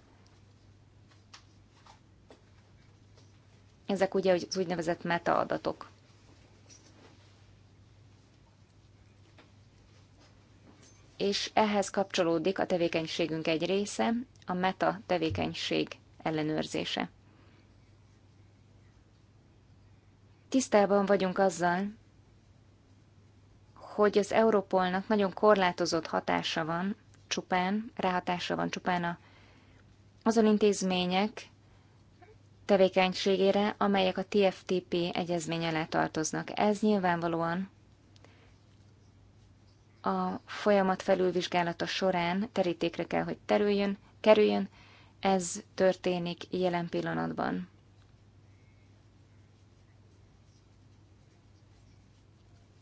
Ezek ugye az úgynevezett metaadatok. és ehhez kapcsolódik a tevékenységünk egy része, a meta tevékenység ellenőrzése. Tisztában vagyunk azzal, hogy az Europolnak nagyon korlátozott hatása van, csupán, ráhatása van csupán a, azon intézmények tevékenységére, amelyek a TFTP egyezmény alá tartoznak. Ez nyilvánvalóan a folyamat felülvizsgálata során terítékre kell, hogy terüljön, kerüljön, ez történik jelen pillanatban.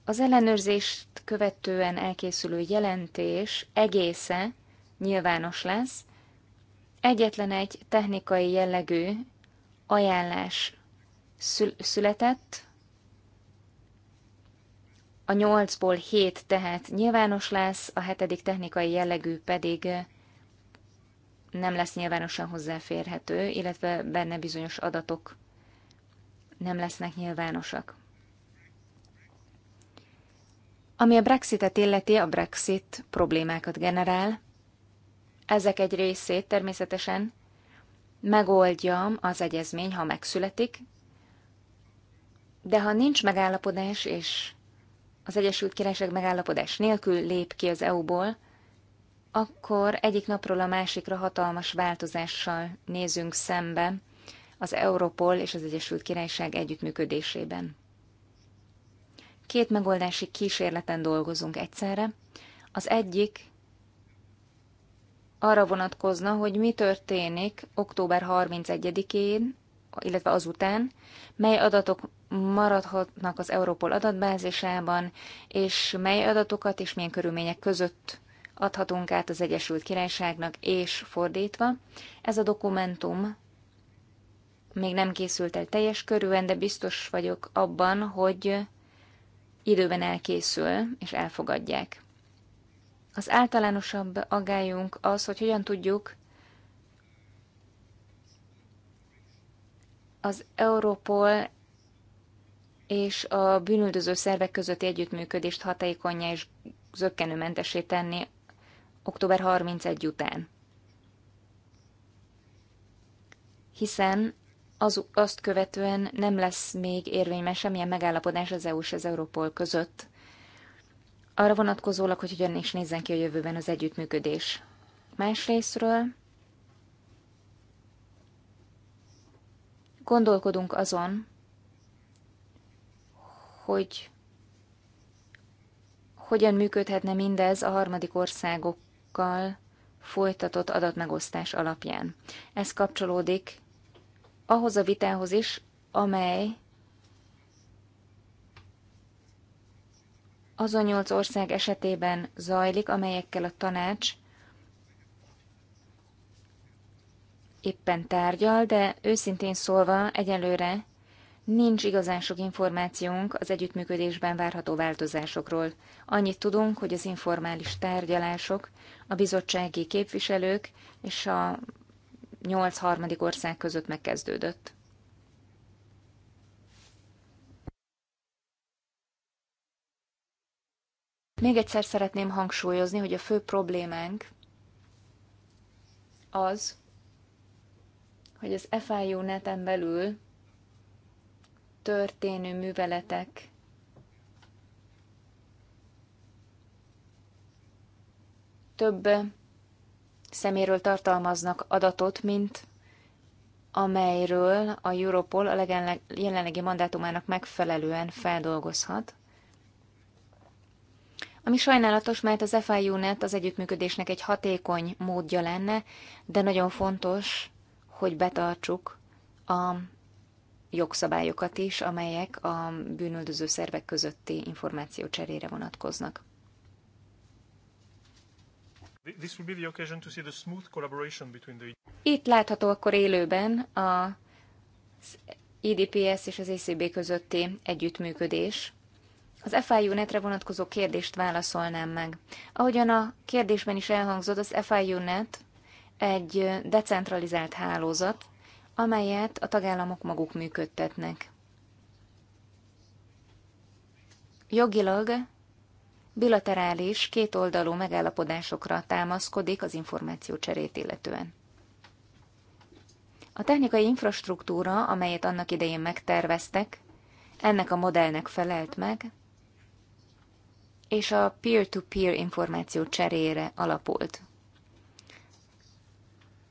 Az ellenőrzést követően elkészülő jelentés egésze nyilvános lesz. Egyetlen egy technikai jellegű ajánlás született, a nyolcból hét tehát nyilvános lesz, a hetedik technikai jellegű pedig nem lesz nyilvánosan hozzáférhető, illetve benne bizonyos adatok nem lesznek nyilvánosak. Ami a Brexitet illeti, a Brexit problémákat generál. Ezek egy részét természetesen megoldja az egyezmény, ha megszületik, de ha nincs megállapodás és az Egyesült Királyság megállapodás nélkül lép ki az EU-ból, akkor egyik napról a másikra hatalmas változással nézünk szembe az Europol és az Egyesült Királyság együttműködésében. Két megoldási kísérleten dolgozunk egyszerre. Az egyik arra vonatkozna, hogy mi történik október 31-én, illetve azután, mely adatok maradhatnak az Europol adatbázisában, és mely adatokat és milyen körülmények között adhatunk át az Egyesült Királyságnak, és fordítva. Ez a dokumentum még nem készült el teljes körűen, de biztos vagyok abban, hogy időben elkészül és elfogadják. Az általánosabb agályunk az, hogy hogyan tudjuk az Europol és a bűnüldöző szervek közötti együttműködést hatékonyá és zöggenőmentesé tenni október 31 után. Hiszen az, azt követően nem lesz még érvényben semmilyen megállapodás az EU és az Európol között. Arra vonatkozólag, hogy hogyan is nézzen ki a jövőben az együttműködés. Másrésztről gondolkodunk azon, hogy hogyan működhetne mindez a harmadik országokkal folytatott adatmegosztás alapján. Ez kapcsolódik ahhoz a vitához is, amely azon nyolc ország esetében zajlik, amelyekkel a tanács éppen tárgyal, de őszintén szólva egyelőre Nincs igazán sok információnk az együttműködésben várható változásokról. Annyit tudunk, hogy az informális tárgyalások, a bizottsági képviselők és a nyolc harmadik ország között megkezdődött. Még egyszer szeretném hangsúlyozni, hogy a fő problémánk az, hogy az FIU neten belül történő műveletek több szeméről tartalmaznak adatot, mint amelyről a Europol a jelenlegi mandátumának megfelelően feldolgozhat. Ami sajnálatos, mert az FIU-net az együttműködésnek egy hatékony módja lenne, de nagyon fontos, hogy betartsuk a jogszabályokat is, amelyek a bűnöldöző szervek közötti információ cserére vonatkoznak. Itt látható akkor élőben a IDPS e és az ECB közötti együttműködés. Az FIU netre vonatkozó kérdést válaszolnám meg. Ahogyan a kérdésben is elhangzott, az FIU net egy decentralizált hálózat, amelyet a tagállamok maguk működtetnek. Jogilag bilaterális, kétoldalú megállapodásokra támaszkodik az információ cserét illetően. A technikai infrastruktúra, amelyet annak idején megterveztek, ennek a modellnek felelt meg, és a peer-to-peer -peer információ cserére alapult.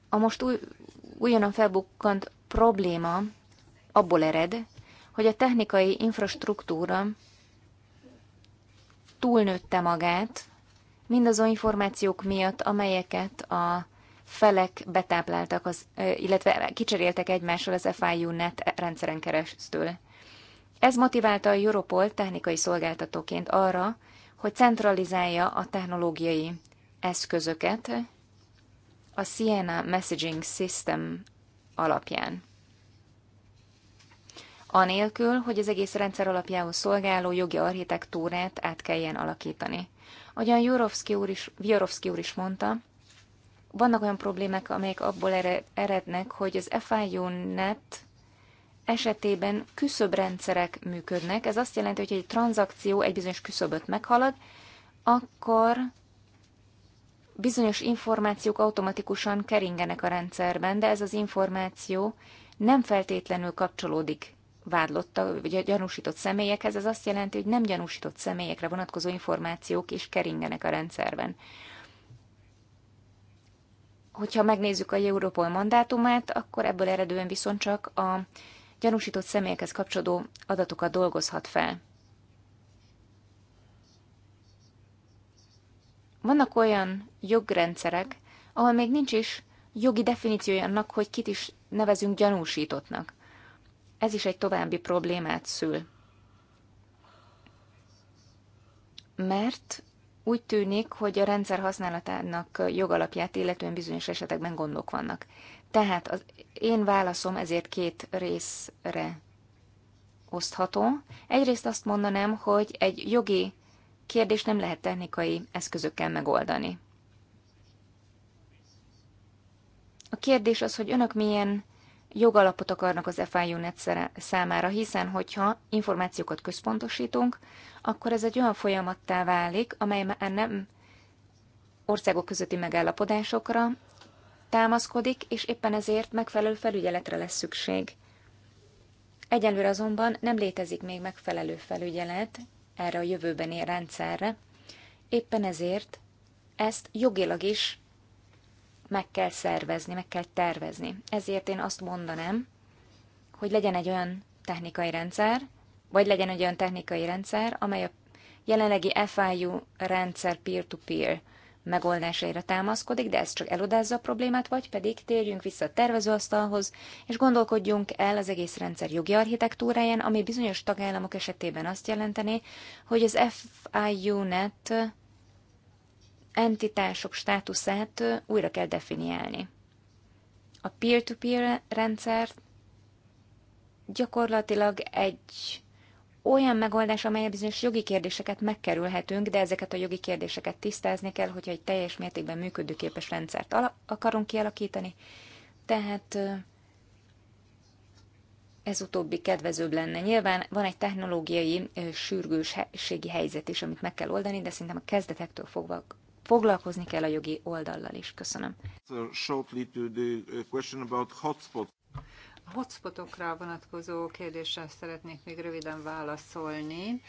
A most új újonnan felbukkant probléma abból ered, hogy a technikai infrastruktúra túlnőtte magát, mindazon információk miatt, amelyeket a felek betápláltak, az, illetve kicseréltek egymással az FIU-net rendszeren keresztül. Ez motiválta a Europol technikai szolgáltatóként arra, hogy centralizálja a technológiai eszközöket, a Siena Messaging System alapján. Anélkül, hogy az egész rendszer alapjául szolgáló jogi architektúrát át kelljen alakítani. Ahogyan Jorovszki úr úr is mondta, vannak olyan problémák, amelyek abból erednek, hogy az FIU-net esetében küszöbrendszerek működnek. Ez azt jelenti, hogy egy tranzakció egy bizonyos küszöböt meghalad, akkor bizonyos információk automatikusan keringenek a rendszerben, de ez az információ nem feltétlenül kapcsolódik vádlotta, vagy a gyanúsított személyekhez, ez azt jelenti, hogy nem gyanúsított személyekre vonatkozó információk is keringenek a rendszerben. Hogyha megnézzük a Europol mandátumát, akkor ebből eredően viszont csak a gyanúsított személyekhez kapcsolódó adatokat dolgozhat fel. Vannak olyan jogrendszerek, ahol még nincs is jogi definíciója annak, hogy kit is nevezünk gyanúsítottnak. Ez is egy további problémát szül. Mert úgy tűnik, hogy a rendszer használatának jogalapját illetően bizonyos esetekben gondok vannak. Tehát az én válaszom ezért két részre osztható. Egyrészt azt mondanám, hogy egy jogi kérdést nem lehet technikai eszközökkel megoldani. A kérdés az, hogy önök milyen jogalapot akarnak az FIU-net számára, hiszen hogyha információkat központosítunk, akkor ez egy olyan folyamattá válik, amely már nem országok közötti megállapodásokra támaszkodik, és éppen ezért megfelelő felügyeletre lesz szükség. Egyelőre azonban nem létezik még megfelelő felügyelet, erre a jövőbeni rendszerre. Éppen ezért ezt jogilag is meg kell szervezni, meg kell tervezni. Ezért én azt mondanám, hogy legyen egy olyan technikai rendszer, vagy legyen egy olyan technikai rendszer, amely a jelenlegi FIU rendszer peer-to-peer. -peer megoldásaira támaszkodik, de ez csak elodázza a problémát, vagy pedig térjünk vissza a tervezőasztalhoz, és gondolkodjunk el az egész rendszer jogi architektúráján, ami bizonyos tagállamok esetében azt jelenteni, hogy az FIU-net entitások státuszát újra kell definiálni. A peer-to-peer -peer rendszer gyakorlatilag egy olyan megoldás, amely bizonyos jogi kérdéseket megkerülhetünk, de ezeket a jogi kérdéseket tisztázni kell, hogyha egy teljes mértékben működőképes rendszert akarunk kialakítani. Tehát ez utóbbi kedvezőbb lenne. Nyilván van egy technológiai sürgősségi helyzet is, amit meg kell oldani, de szerintem a kezdetektől fogva foglalkozni kell a jogi oldallal is. Köszönöm.
A hotspotokra vonatkozó kérdésre szeretnék még röviden válaszolni.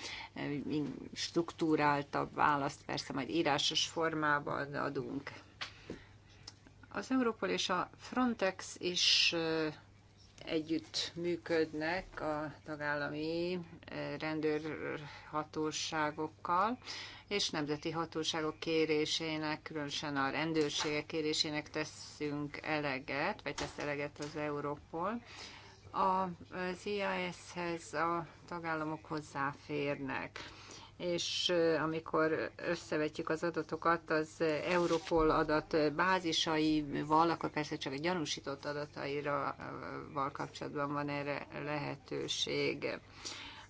Struktúráltabb választ persze majd írásos formában adunk. Az Európol és a Frontex is együtt működnek a tagállami eh, rendőrhatóságokkal, és nemzeti hatóságok kérésének, különösen a rendőrségek kérésének teszünk eleget, vagy tesz eleget az Európol. Az IAS-hez a tagállamok hozzáférnek és amikor összevetjük az adatokat az Europol adat bázisaival, akkor persze csak a gyanúsított adataira val kapcsolatban van erre lehetőség.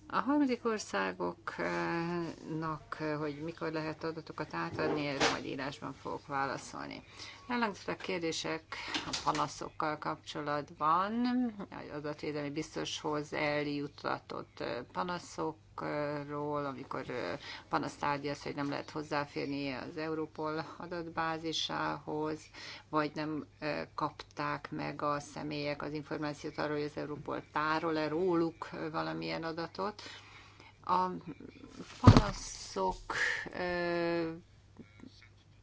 A harmadik országoknak, hogy mikor lehet adatokat átadni, erre majd írásban fogok válaszolni. Elhangzottak kérdések a panaszokkal kapcsolatban, az adatvédelmi biztoshoz eljutatott panaszokról, amikor panaszt az, hogy nem lehet hozzáférni az Europol adatbázisához, vagy nem kapták meg a személyek az információt arról, hogy az Europol tárol-e róluk valamilyen adatot. A panaszok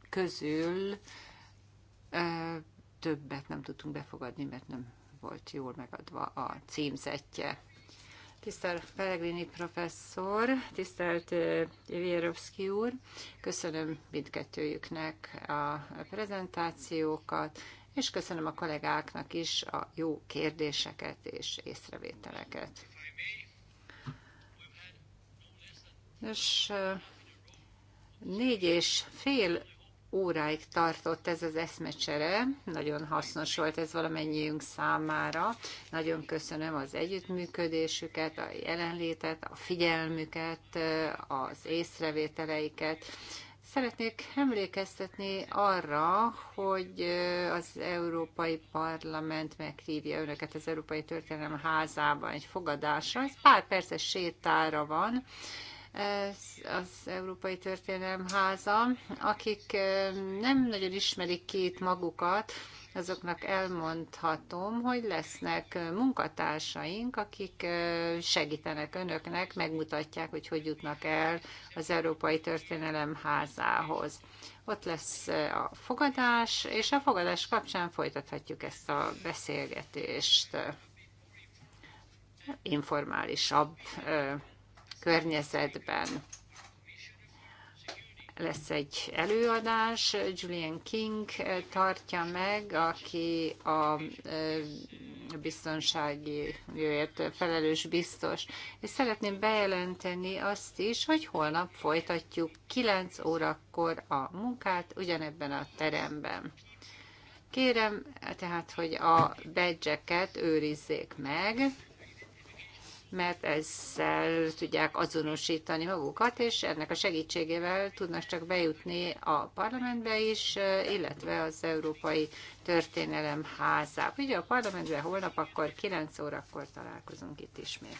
közül Többet nem tudtunk befogadni, mert nem volt jól megadva a címzetje. Tisztelt Pellegrini professzor, tisztelt Vierovszki úr, köszönöm mindkettőjüknek a prezentációkat, és köszönöm a kollégáknak is a jó kérdéseket és észrevételeket. Nos, négy és fél óráig tartott ez az eszmecsere, nagyon hasznos volt ez valamennyiünk számára. Nagyon köszönöm az együttműködésüket, a jelenlétet, a figyelmüket, az észrevételeiket. Szeretnék emlékeztetni arra, hogy az Európai Parlament meghívja önöket az Európai Történelem házában egy fogadásra. Ez pár perces sétára van az Európai Történelem Háza, akik nem nagyon ismerik két magukat, azoknak elmondhatom, hogy lesznek munkatársaink, akik segítenek önöknek, megmutatják, hogy hogy jutnak el az Európai Történelem házához. Ott lesz a fogadás, és a fogadás kapcsán folytathatjuk ezt a beszélgetést informálisabb környezetben. Lesz egy előadás, Julian King tartja meg, aki a biztonsági jöjjött felelős biztos. És szeretném bejelenteni azt is, hogy holnap folytatjuk 9 órakor a munkát ugyanebben a teremben. Kérem tehát, hogy a bedzseket őrizzék meg, mert ezzel tudják azonosítani magukat, és ennek a segítségével tudnak csak bejutni a parlamentbe is, illetve az Európai Történelem házába. Ugye a parlamentben holnap akkor 9 órakor találkozunk itt ismét.